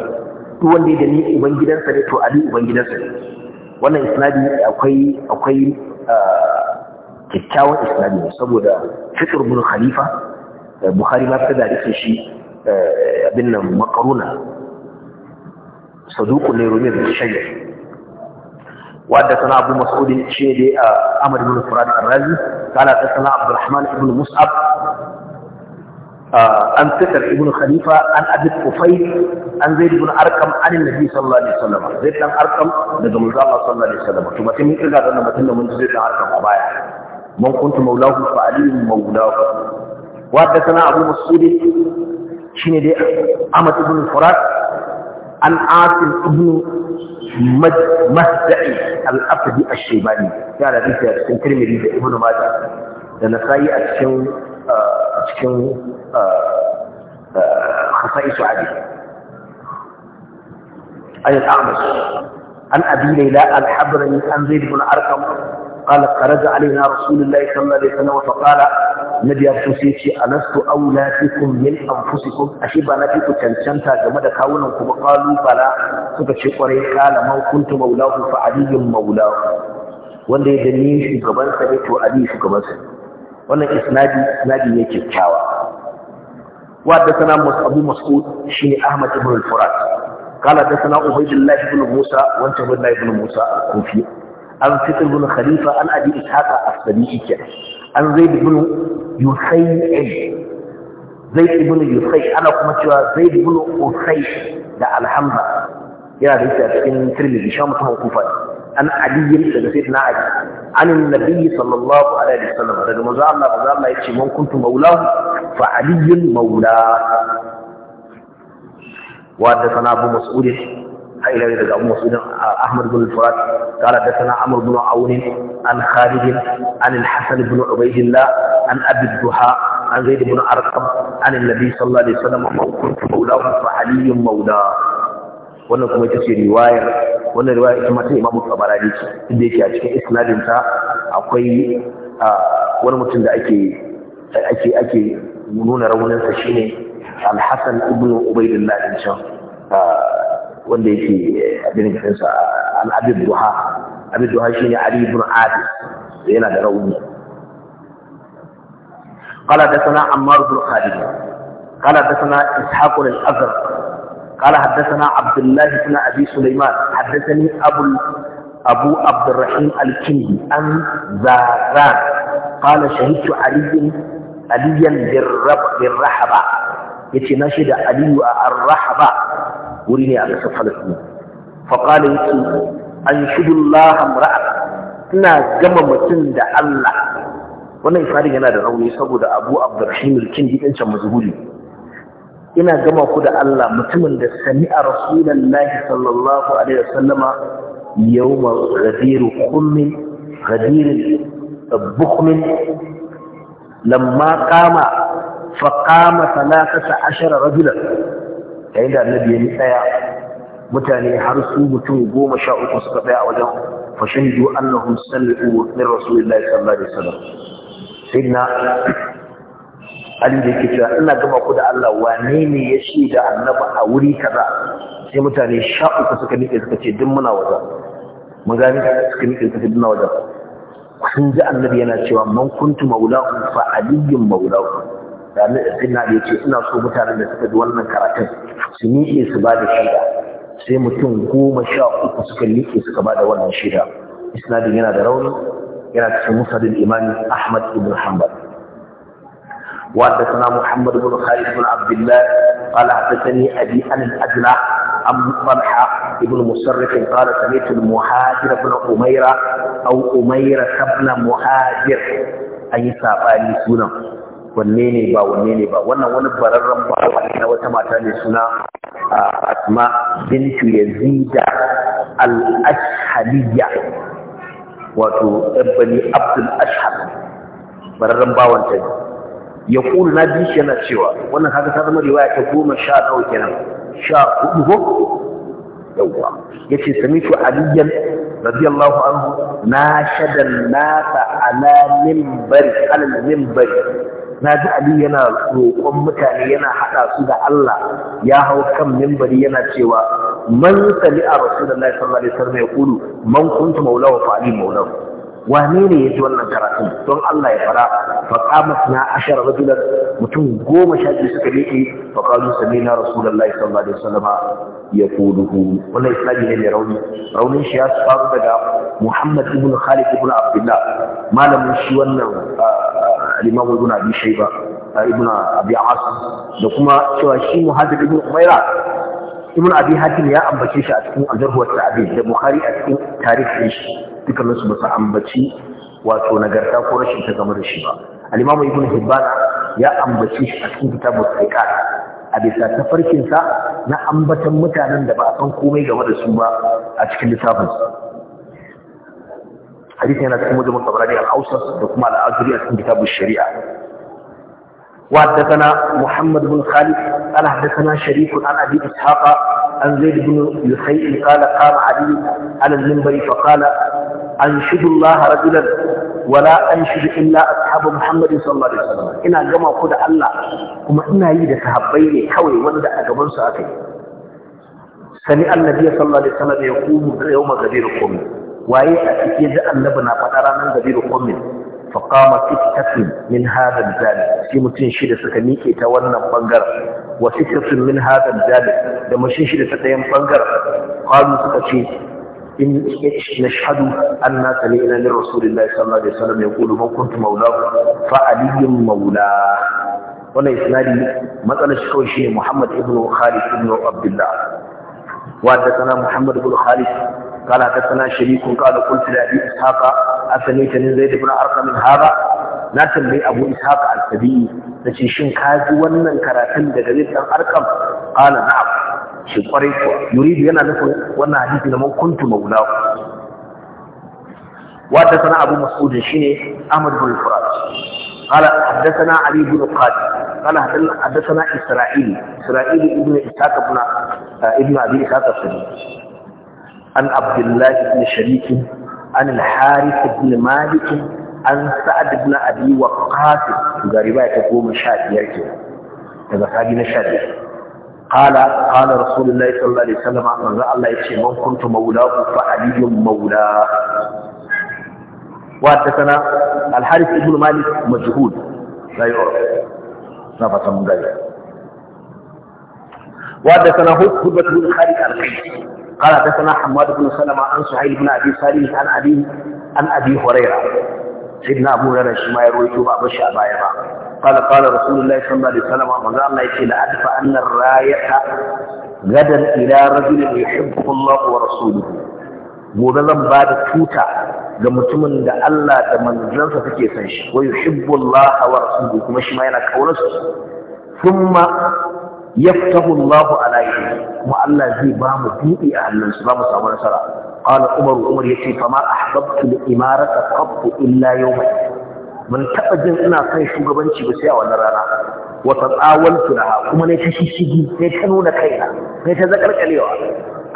duk wanda ya dani uban gidansa ne to ali uban gidansa ne wannan isnadi akwai akwai ah, kyakkyawan isnadi ne saboda fitr bin khalifa eh, bukhari ma fada da shi eh, abin nan makaruna saduku ne rumin shayyar وحدثنا أبو مسعود الشيدي أمر بن فراد الرازي قال حدثنا عبد الرحمن بن مصعب an fitar ibn khalifa an abi kufai an zai ibn arkam an annabi sallallahu alaihi wasallam Zai dan arkam daga manzo Allah sallallahu alaihi wasallam to mutum in kaga dan mutum da mun zai dan arkam a baya man kuntu maulahu fa ali maulahu wa hadathana abu mas'ud shine dai ahmad ibn furat an asim ibn masda'i al-afdi ash-shaybani ya da bisa cikin tirmidhi da ibn majah da nasai a cikin cikin ah, ah, khasaisu abi ayi amus an abi layla al-habrani an zaid ibn arqam qala kharaja alayna rasulullahi sallallahu alayhi wasallam wa faqala nabi afusici alastu awlatikum min anfusikum ashiba nabi ku cancanta game da kawunan ku qalu bala suka ce kware kala ma kuntu maulahu fa aliyyun maulahu wanda ya dani shugaban sa ne to ali shugaban wannan isnadi isnadi ne kyakkyawa wa da sana abu mas'ud shine ahmad ibn al-furat قال حدثنا عبيد الله بن موسى وانت عبيد الله بن موسى الكوفي عن فكر بن خليفة عن أبي إسحاق السبيعي عن زيد بن يسيع زيد بن يسيع أنا كما تشوى زيد بن أسيع ده الحمد يا ريت أتكين ترمي بشام كما كوفا أنا علي بن سيدنا علي عن النبي صلى الله عليه وسلم رجل زال الله مزاع ما يكشي من كنت مولاه فعلي مولاه وحدثنا أبو مسعود إلى أبو مسعود أحمد بن الفرات قال حدثنا عمر بن عون عن خالد عن الحسن بن عبيد الله عن أبي الدحى عن زيد بن عرقب عن النبي صلى الله عليه وسلم من كنت مولاه فعلي مولاه wannan kuma ita ce riwaya. wannan riwaya ita mata imamu tabarani ce inda yake a cikin isnadin ta akwai wani mutum da ake ake ake nuna raunin sa shine al-Hasan ibn Ubaydillah din can wanda yake eh, abin da kansa al-Abid Duha Abid Duha shine Ali ibn Abi yana da rauni قال حدثنا عمار بن خالد قال حدثنا اسحاق الازرق قال حدثنا عبد الله بن أبي سليمان حدثني أبو أبو عبد الرحيم الكندي عن زاران قال شهدت علي عليا بالرحبة يتي نشد علي الرحبة وريني على سفح الاسمين فقال يتي أنشد الله امرأة ina gama mutum da Allah wannan ifadin yana da rauni saboda Abu Abdurrahim al-Kindi din can mazhuli ina gama ku da Allah mutumin da sami'a rasulullahi sallallahu alaihi wasallama yawma ghadir khummin ghadir bukhmin lamma qama fa qama 13 rajula kai da annabi ya tsaya mutane har su mutum 13 suka tsaya a wajen fa shahidu annahum sallu min rasulillahi sallallahu alaihi wasallam sayyidina Ali da ke cewa ina gama ku da Allah wane ne ya ce da annaba a wuri kaza sai mutane sha uku suka nike suka ce duk muna wajen mun gani suka nike suka ce duk muna wajen sun ji annabi yana cewa man kuntu maulahu fa aliyyun maulahu da annabi na da yace ina so mutanen da suka ji wannan karatun su nike su ba da shida sai mutum goma sha uku suka nike suka ba da wannan shida isnadin yana da rauni yana cikin musadin imani ahmad ibn hanbal وحدثنا محمد بن خالد بن عبد الله قال حدثني ابي عن الادنى عن طلحه بن مسرف قال سمعت المهاجر بن اميره او اميره بن مهاجر اي ساباني سنه wanne ne ba wanne ne ba wannan wani bararren bawa na wata mata ne suna asma bintu yazida al-ashhadiyya wato ibn abdul ashhad bararren bawan ta ne ya ƙulu na bi shi yana cewa wannan kaga ta zama riwaya ta goma sha nawa kenan sha hudu ko yawwa ya ce sami tu aliyan radiyallahu anhu na shadan nasa ala mimbari ala mimbari na ji ali yana roƙon mutane yana haɗa su da Allah ya hau kan mimbari yana cewa man sami a rasulullahi sallallahu alaihi wasallam ya man kuntu Maulawa fa ali wane ne ya ji wannan karatun don Allah ya fara fa qamat na ashara rajulan mutum goma sha biyu suka miƙe fa qalu samina rasulullahi sallallahu alaihi ya yaquluhu wannan islami ne mai rauni raunin shi ya faru daga Muhammad ibn Khalid ibn Abdullah malamin shi wannan al-Imam Ibn Abi Shayba ibn Abi As da kuma cewa shi Muhammad ibn Umaira ibn Abi Hatim ya ambace shi a cikin al-Jarh wa Ta'dil da Bukhari a cikin tarihin shi dukkanin su basu ambaci wato nagarta ko rashin ta game da shi ba al-imamu ibnu hibban ya ambaci shi a cikin kitabu fiqh a bisa tafarkin na ambatan mutanen da ba a san komai game da su ba a cikin littafin hadisi yana cikin wajen tabarani al Hausa da kuma al-azuri a cikin kitabul shari'a وحدثنا Khalid, بن خالد قال حدثنا شريف عن ابي اسحاق عن زيد بن يحيى قال قام علي على المنبر فقال anshidu Allah rajulan wala anshidu illa ashabu Muhammad sallallahu alaihi wasallam ina gama ku da Allah kuma ina yi da sahabbai ne kawai wanda a gaban su aka yi sami annabi sallallahu alaihi wasallam ya kuma yawma gadir qum waye a cikin da annabi na faɗa ranar gadir qum fa qama sittatu min hada al shi mutun shida suka mike ta wannan bangaren wa sittatu min hada da mashin shida ta ɗayan bangaren qalu suka ce نشهد أن سمعنا للرسول الله صلى الله عليه وسلم يقول من كنت مولاه فعلي مولاه wannan isnadi matsalar shi kawai shine Muhammad ibn Khalid ibn Abdullah wa da sana Muhammad ibn Khalid kala ta sana shari'un kala kullu da bi ishaqa asali tanin zaid ibn arqam min hada na tambayi abu ishaq al-sabi na ce shin ka ji wannan karatun daga zai dan arkam qala na'am shi kwarai ko yuridu yana nufin wannan hadisi na man kuntu maula wa da sana abu mas'ud shine ahmad bin furat qala haddathana ali bin qasim قال حدثنا إسرائيل إسرائيل ابن إسحاق ابن ابن أبي إسحاق الصديق عن عبد الله بن شريك عن الحارث بن مالك an sa'ad ibn abi waqqas ga riwaya ta 15 ke daga sabi na 15 قال قال رسول الله صلى الله عليه وسلم ان الله يشي من كنت مولاه فعلي مولاه واتسنا الحارث ابن مالك مجهول لا يعرف نفس من ذلك وحدثنا هدبة بن خالد القيسي قال حدثنا حماد بن سلمة عن سعيد بن أبي صالح عن أبي عن أبي هريرة sayyidina abu rara shi ma ya roito ba bashi a baya ba qala qala rasulullahi sallallahu alaihi wasallam manzo Allah yake la adfa anna rayata gadan ila rajulin yuhibbu Allah wa rasuluhu gobe zan ba da tuta ga mutumin da Allah da manzansa suke son shi wa yuhibbu Allah wa rasuluhu kuma shi ma yana kaunar su thumma yaftahu Allah ala yadihi kuma Allah zai ba mu dubi a hannunsu ba mu samu nasara qala umar umar yace fa ma ahbabtu al-imarata qab illa yawma mun taba jin ina son shugabanci ba sai a wannan rana wa tatawaltu laha kuma ne ta shishigi sai ta nuna kaina sai ta zakarkalewa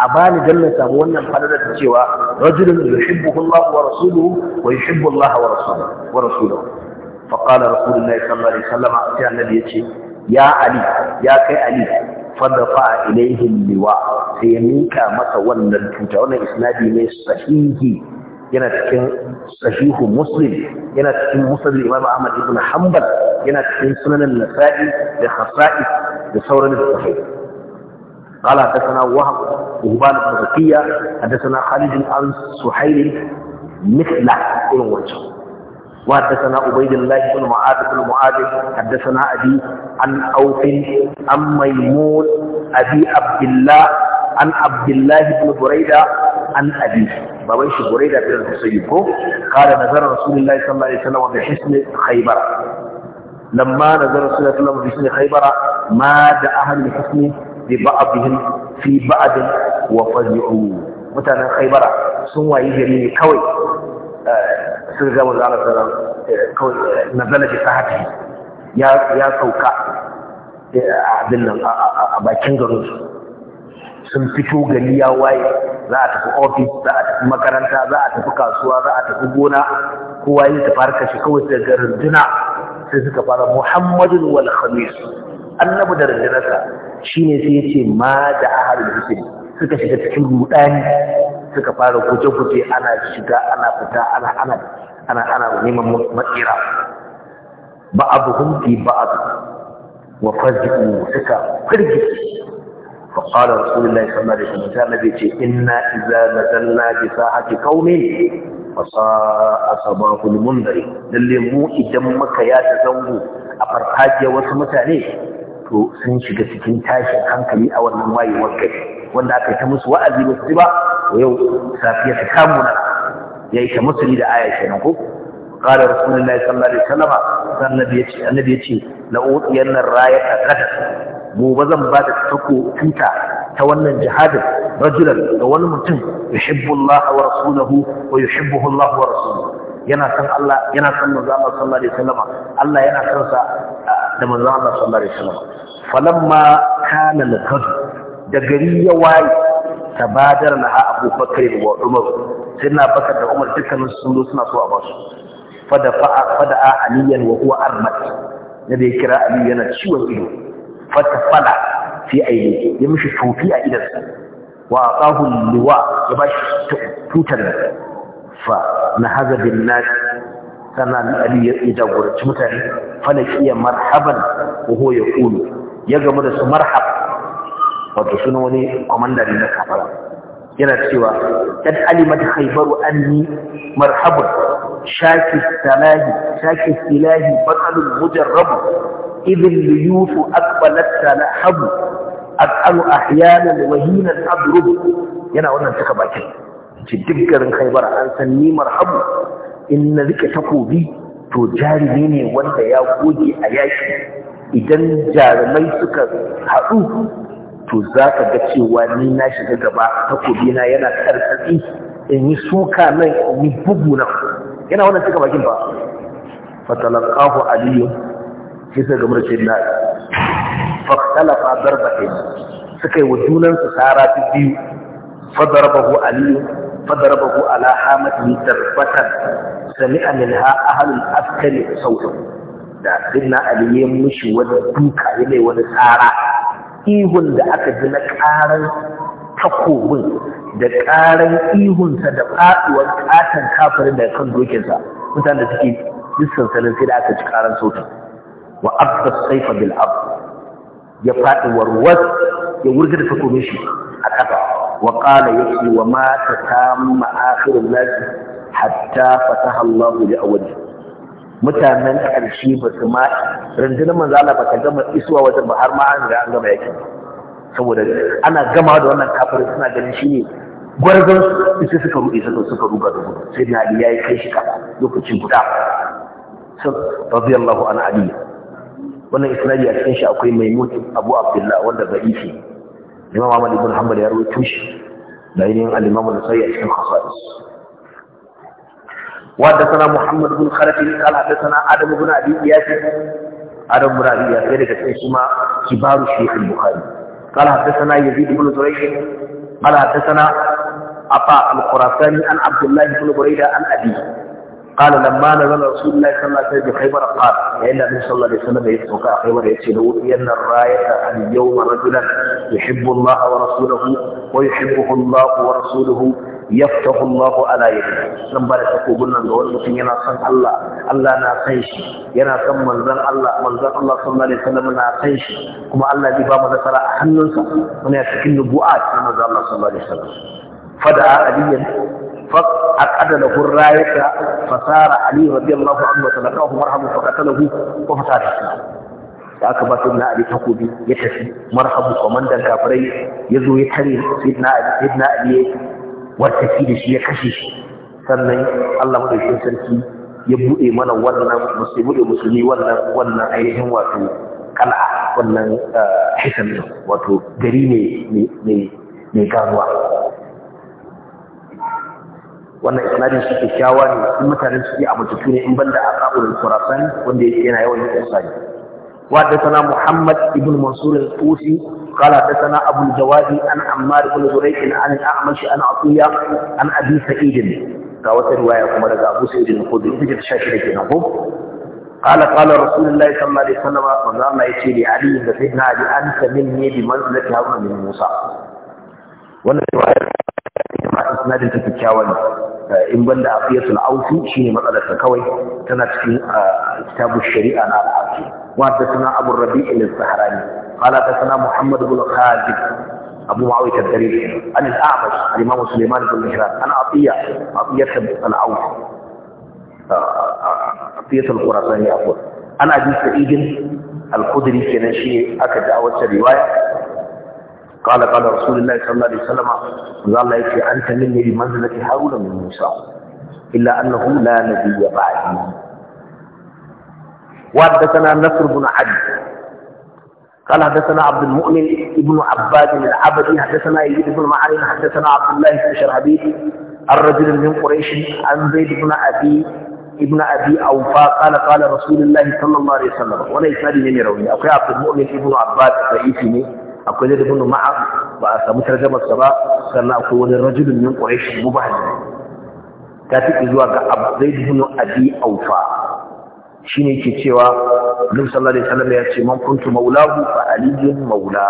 a bani dan na samu wannan fadada ta cewa rajulun yuhibbuhu Allah wa rasuluhu wa yuhibbu Allah wa rasuluhu wa rasuluhu fa qala rasulullahi sallallahu alaihi wasallam sai annabi yace ya ali ya kai ali fadafa ilaihin liwa sai ya mika masa wannan tuta wannan isnadi ne sahihi yana cikin sahihu muslim yana cikin muslim imam ahmad ibn hanbal yana cikin sunanan nasa'i da khasa'i da sauran sahih قال حدثنا وهب وهبان بن زكية حدثنا خالد عن سحيل مثله كل وجه وحدثنا عبيد الله بن معاذ بن معاذ حدثنا ابي عن اوف عن ميمون ابي عبد الله عن عبد الله بن بريده عن ابي بابن بريده بن الحسين قال نزل رسول الله صلى الله عليه وسلم بحسن خيبر لما نزل رسول الله صلى الله عليه وسلم بحسن خيبر ما دعا اهل الحسن ببعضهم في بعض وفزعوا mutanen khaibara sun wayi gari ne kawai sun zama manzo Allah na alaihi wasallam eh, eh, nazala ya sauka sauka eh, abin nan a bakin garin sun fito gani ya waye za a tafi ofis za a tafi makaranta za a tafi kasuwa za a tafi gona kowa yi ta fara shi kawai daga runduna sai suka fara muhammadun wal khamis annabi da rundunarsa shine sai ya ce ma da aharin hisri suka shiga cikin rudani suka fara guje-guje ana shiga ana fita ana ana ana ana neman matsira ba abu hunfi ba abu wa fazi'u suka firgici fa qala rasulullahi sallallahu alaihi wasallam nabi ce inna idza nazalna bi sa'ati qaumin fa sa'a sabahul mundari lalle mu idan muka ya ta zango a farfajiya wasu mutane to sun shiga cikin tashin hankali a wannan wayewar gari wanda aka ta musu wa'azi ba su ba yau safiya ta kamuna ya yi tamasuli da aya kenan ko qala rasulullahi sallallahu alaihi wasallam annabi yace annabi yace la utiyanna rayata qad gobe zan ba da tako tuta ta wannan jihadin rajulan da wani mutum yuhibbu Allah wa rasuluhu wa yuhibbuhu Allah wa rasuluhu yana san Allah yana san manzo Allah sallallahu alaihi wasallam Allah yana san sa da manzo Allah sallallahu alaihi wasallam falamma kana al da gari ya waye tabadar laha Abu Bakr wa Umar sai na bakar da umar dukkanin sun zo suna so a basu fada a aliyan wa huwa armat na da ya kira ali yana ciwon ido fata fada fi aini ya mishi tofi a idansa wa aqahu liwa ya bashi tutar fa na haza bin nas sannan ali ya jagoranci mutane falakiya marhaban wa huwa yaqulu ya gamu da su marhab wato sunan wani komanda na kafara yana cewa kad alimat khaybaru anni marhabun shaki salahi shaki silahi batalul mujarrab idhil liyuf aqbalat salahabu as'alu ahyanan wa hina adrub yana wannan suka bakin ci duk garin an san ni marhabu in na rike takobi to jarumi ne wanda ya goge a yaki idan jarumai suka haɗu to za ka ga cewa ni na shiga gaba na yana karkatsi in yi suka nan in yi bugu na yana wannan suka bakin ba fatalakahu aliyu sai suka gamar ce na fatalafa ke suka yi wa su tara ta biyu fadarabahu aliyu fadarabahu ala ni darbatan sami'a Amina, ahlul askari sautin da dinna aliyu mushi wani duka yanayi wani tsara ihun da aka ji na ƙarar takobin da ƙarar ihunsa da faɗuwar ƙaton kafirin da kan dokinsa mutane da suke jiskan salin sai da aka ji ƙarar sautin wa abda saifa bil ab ya faɗi warwas ya wurga da takobin shi a ƙasa wa ƙala ya ce wa mata ta ma'afirin nasi hatta fataha Allah da awali mutanen ƙarshe ba su ma rundunar manzo Allah ba ta gama isuwa wajen ba har ma an da an gama yaki saboda ana gama da wannan kafirin suna ganin shi ne gwarzon su suka ruɗe suka suka ruga da gudu sai da ya yi kai shi kafa lokacin guda radiyallahu an Ali wannan isnadi a cikin shi akwai maimun Abu Abdullah wanda da'ifi Imam Ahmad ibn Hanbal ya rawaito shi da yin al-Imam Nasa'i a cikin khasa'is وحدثنا محمد بن خلف قال حدثنا آدم بن أبي إياس آدم بن أبي إياس ذلك اسمه كبار الشيخ البخاري قال حدثنا يزيد بن زريع قال حدثنا عطاء الخراساني عن عبد الله بن بريدة عن أبيه قال لما نزل رسول الله صلى الله عليه وسلم بخيبر قال ان النبي صلى الله عليه وسلم يتوقع خيبر يسيره ان الرايه اليوم رجلا يحب الله ورسوله ويحبه الله ورسوله yaftahu Allah ala yadi zan ba da takobin nan ga wani mutum yana son Allah Allah na san shi yana son manzon Allah manzon Allah sallallahu alaihi wasallam na san shi kuma Allah zai ba mu nasara a hannunsa muna cikin nubu'at na manzon Allah sallallahu alaihi wasallam fada'a aliyan فأقعد له الراية فصار علي رضي الله عنه وتلقاه مرحبا فقتله وفتح الإسلام da aka ba Sayyidina Ali takobi ya tafi marhabu komandan kafirai ya zo ya tare Sayyidina Ali Sayyidina Ali wata fi da shi ya kashe shi sannan Allah madaukakin sarki ya buɗe mana wannan musulmi musulmi wannan wannan ainihin wato kala wannan eh, hisan wato gari ne ne ne ganuwa wannan isnadin shi kyakkyawa ne in mutanen suke a mutuku ne in banda a kaburin kurasan wanda yake yana yawan yin isnadi wa da sana Muhammad ibn Mansur al-Tusi قال حدثنا أبو الجواد عن عمار بن زريق عن الأعمش عن عطية عن أبي سعيد قاوت رواية كما أبو سعيد الخدري تجد شاكرة نقوم قال قال رسول الله صلى الله عليه وسلم فما ما يتي لعلي بن سيدنا علي أنت مني بمنزلة هارون من موسى wannan riwayar ma isnadin ta kyakkyawa ne in banda afiyatul aufi shine matsalar ta kawai tana cikin kitabu shari'a na al-afi wa da suna abu rabi'il al-sahrani قال حدثنا محمد بن خالد ابو معاويه الدريري عن الاعمش الامام سليمان بن مهران عن عطيه عطيه العوف آه، آه، عطيه الخراساني اقول عن ابي سعيد الخدري كان شيء اكد اول روايه قال قال رسول الله صلى الله عليه وسلم قال الله يكفي انت مني بمنزله هارون من موسى الا انه لا نبي بعدي وحدثنا نصر بن عدي قال حدثنا عبد المؤمن ابن عباد العبدي حدثنا يزيد بن معين حدثنا عبد الله بن شرحبيل الرجل من قريش عن زيد بن ابي ابن ابي اوفى قال قال رسول الله صلى الله عليه وسلم ولا يسند من روي اخي عبد المؤمن ابن عباد رئيسي akwai zai bin ma'a ba a samu tarjamarsa ba sannan akwai wani rajulun min quraish mubahal ta tiki zuwa ga zaid bin abi aufa ne ke cewa Annabi sallallahu alaihi wasallam ya ce man kuntu maulahu fa aliyyun maula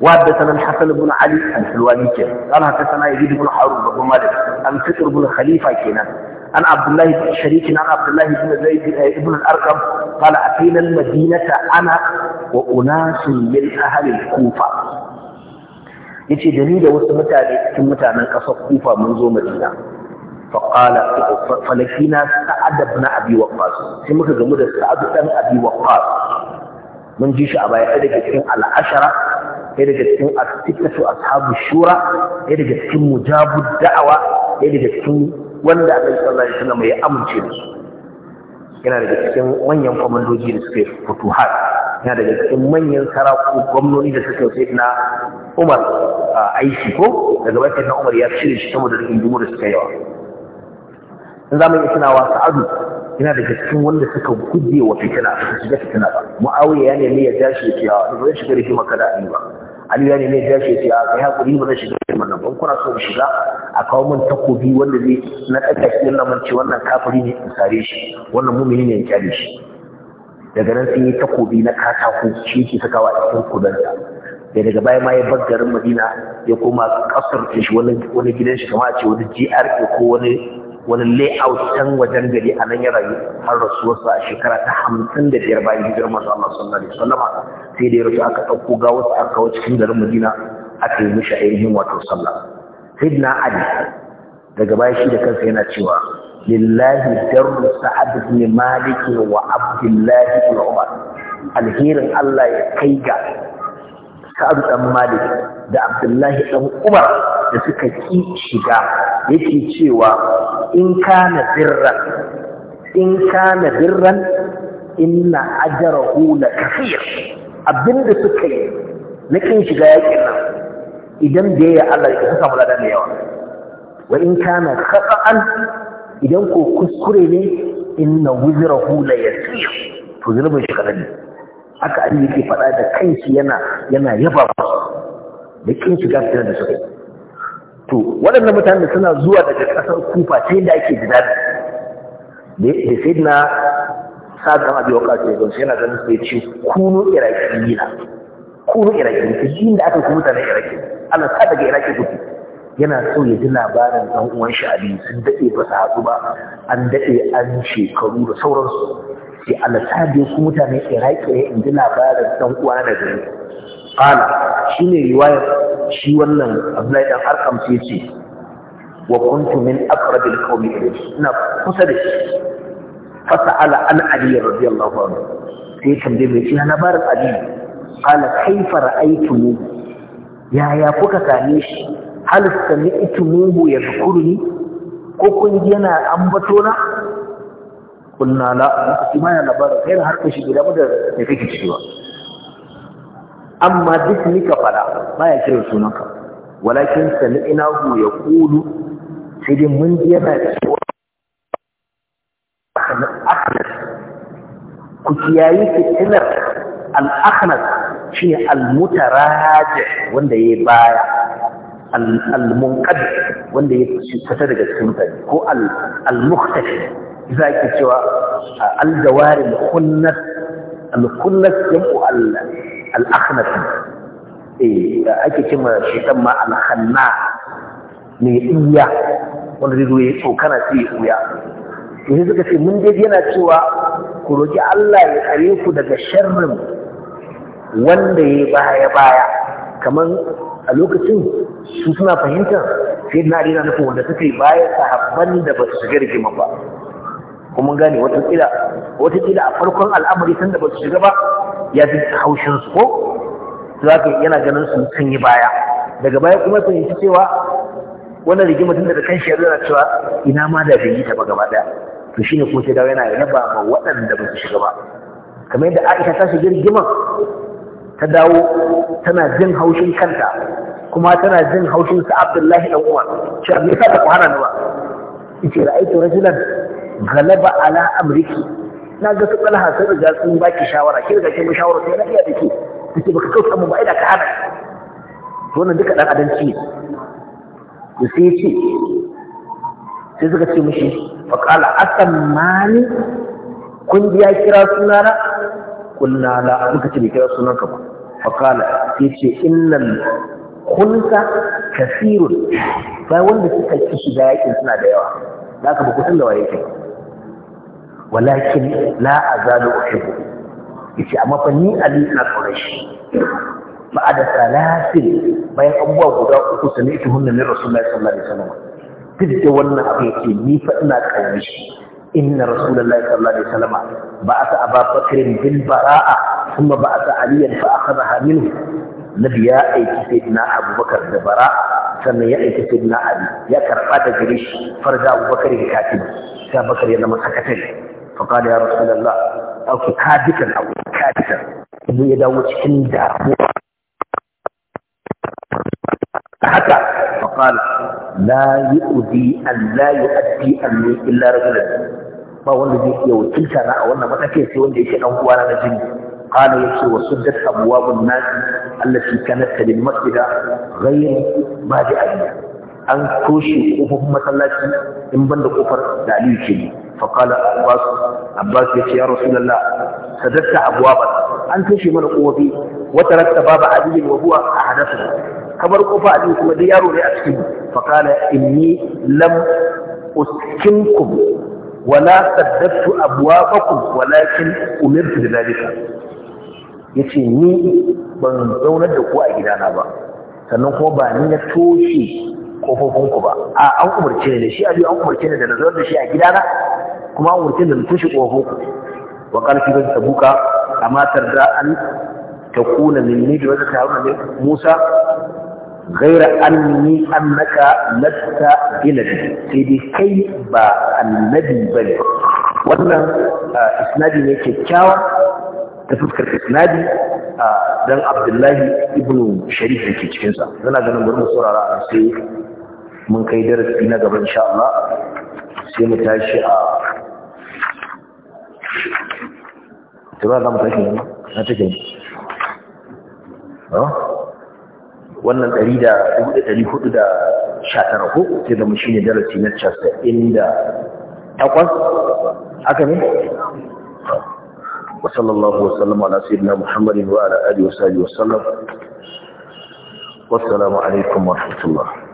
wa hadathana al-hasan ibn ali nike. hulwani ke qala hadathana yazid ibn harun babban malik an fitr ibn khalifa kenan an abdullahi ibn sharik an abdullahi ibn zaid eh, ibn al-arqam qala atina al-madinata ana wa unasun min ahli al-kufa yace da ni da wasu mutane cikin mutanen kasar kufa mun zo madina فقال فلقينا سعد na ابي وقاص sai muka gamu da sa'adu ɗan abi waqqas mun ji shi a baya ɗaya daga cikin al'ashara ɗaya daga cikin as-sittatu ashabu shura ɗaya daga cikin mujabu da'awa ɗaya daga cikin wanda Annabi sallallahu alaihi wasallam ya amince da su yana daga cikin manyan komandoji da suka futuhat yana daga cikin manyan saraku gwamnoni da suka yi na Umar aiki ko daga bakin na Umar ya cire shi saboda rigingimu da suka yawa in za mu yi tunawa sa'adu yana daga cikin wanda suka guje wa fitina su shiga fitina ba mu'awiya ya nemi ya tashi ya cewa, a ah, ba zai shiga da shi maka da ali ba ali ya nemi ya tashi ya cewa, a ah, kai hakuri ba zai shiga da shi ba kuna so mu shiga a kawo min takobi wanda zai na ɗaga shi yana mun ce wannan kafiri ne in sare shi wannan mumini ne in kyale shi daga nan sun yi takobi na katako shi ke sakawa a cikin kudanta da daga baya ma ya bar garin madina ya koma kasar shi wani gidan shi kama a ce wani gra ko wani wani layout can wajen gari a nan ya rayu har rasuwarsa a shekara ta hamsin da biyar bayan hijirar masu Allah sallallahu alaihi wasallama sai da ya rasu aka ɗauko gawarsa aka kawo cikin garin Madina aka yi mishi ainihin wato sallah Sayyidina Ali daga baya shi da kansa yana cewa lillahi darru sa'ad ibn malik wa Abdullahi ibn umar alherin Allah ya kai ga sa'adu ɗan malik da abdullahi ɗan umar da suka ki shiga yake cewa in kana birran in kana birran inna ajrahu la kaseer abinda suka yi na kin shiga yakin nan idan biyayya Allah ya saka mulada da yawa wa in kana khata'an idan ko kuskure ne inna wuzrahu la yasir to zulubin shi kadan aka an yake faɗa da kanki yana yana yaba da kin shiga fitar da suka to waɗannan mutane suna zuwa daga ƙasar kufa ta yadda ake jira da sai na sadan abi wa kasu yanzu yana ganin sai ce kunu iraki na kunu iraki ta shi inda aka kuma mutanen iraki ana sa daga iraki kuɗi yana so ya ji labarin ɗan uwan shi abi sun daɗe ba su haɗu ba an daɗe an shekaru da sauransu ce alasabi su mutane iraki ya inji labarin dan uwa na gari qala shine riwaya, shi wannan abdullahi dan arkam sai ce wa kuntu min aqrabil qawmi ina kusa da shi fa sa'ala an ali radiyallahu anhu sai tambaye mai ina labarin ali qala kaifa ra'aytumu ya ya kuka same shi hal sami'tumuhu yadhkuruni ko kun yana ambato na قلنا لا ما يا نبر غير اما ذكرك فلا ما يكره سنك ولكن سمعناه يقول سيد من يدا الاخنس كتيايي كتنا الاخنس شيء المتراجع وند يبايع المنقد وند يفسد دغ سنك المختفي za ke cewa aljawari al-khunnas al-khunnas jam'u al-akhnas eh ma al-khanna iya wanda zai zo ya tsokana sai ya uya to suka ce mun dai yana cewa ku roki Allah ya tsare ku daga sharrin wanda ya baya baya kaman a lokacin su suna fahimtar sai na rina nufin wanda suka yi baya sahabban da ba su shiga ba kuma gane watakila watakila a farkon al'amari tun da ba su shiga ba ya fi haushin su ko za ka yana ganin su sun yi baya daga baya kuma ya fahimci cewa wannan rigima tun da kan shi yana cewa ina ma da bai yi ta ba gaba daya to shine ko sai dawo yana yaba ma waɗanda ba su shiga ba kamar yadda Aisha ta shiga rigiman ta dawo tana jin haushin kanta kuma tana jin haushin sa Abdullahi dan Umar cewa me yasa ta kwana ni ba yace ra'aytu rajulan galaba ala amriki na ga su talha sun riga sun baki shawara ki riga kin mu shawara sai na iya dake kace baka kauta mu ba idan ka hana to wannan duka dan adalci ne sai ya ce sai suka ce mishi fa qala asammani kun biya kira sunana kulna la muka ce bai kira ka ba fa qala sai ce innal khulsa kasirun sai wanda suka ci shiga yakin suna da yawa da aka ba kusan da waye kai walakin la azalu uhibbu yace amma fa ni ali na tsoron shi ba da salatin bayan abubuwa guda uku sami ita hunna min rasulullahi sallallahu alaihi wasallam duk da wannan abu yake ni faɗi na kaunar inna rasulullahi sallallahu alaihi wasallam ba asa ababakar bil bara'a kuma ba asa aliyan fa akhadha ya aiki abubakar da bara'a sannan ya aiki sai na ali ya karɓa da gare shi farza abubakar ya katibi sai abubakar ya zama sakatare faƙaɗa ya rasu da Allah ɗauki kadikan abu kadikan mu ya dawo cikin damuwa haka faƙal la yi udi an la addi an ne illa rajulan ba wanda zai iya wakilta na a wannan matakin sai wanda yake ɗan uwa na jini قال يسوع وسدت ابواب الناس التي كانت للمسجد غير بادئه ان كوشي قبوب مثلا ان بند قفر دليل فقال عباس abbas ya ce ya rasulullah sadatta abwaba an toshe mana kofi wata rakta baba aliyin wa huwa ahdathu kabar kofa aliyu kuma dai yaro ne a cikin fa qala inni lam uskinkum wala saddatu abwabakum walakin umirtu bi yace ni ban zaunar da ku a gidana ba sannan kuma ba ni na toshe kofofinku ba a an umarce ne shi aliyu an umarce ne da na zaunar da shi a gidana kuma an wuce da mutum shi ƙofo wa ƙarfi ba ta buka a matar da an ta kuna minni da wata taron ne musa gaira anni annaka latta inabi sai dai kai ba annabi ba ne wannan isnadi ne kyakkyawa ta fuskar isnadi dan abdullahi ibnu sharif da ke cikinsa zana ganin gurin saurara sai mun kai darasi na gaba insha Allah sai mu tashi a tura da mutane ne na take ne wannan 1419 ko sai da mu shine darasi na chapter inda takwas aka ne وصلى الله وسلم على سيدنا محمد وعلى اله وصحبه وسلم والسلام عليكم ورحمه الله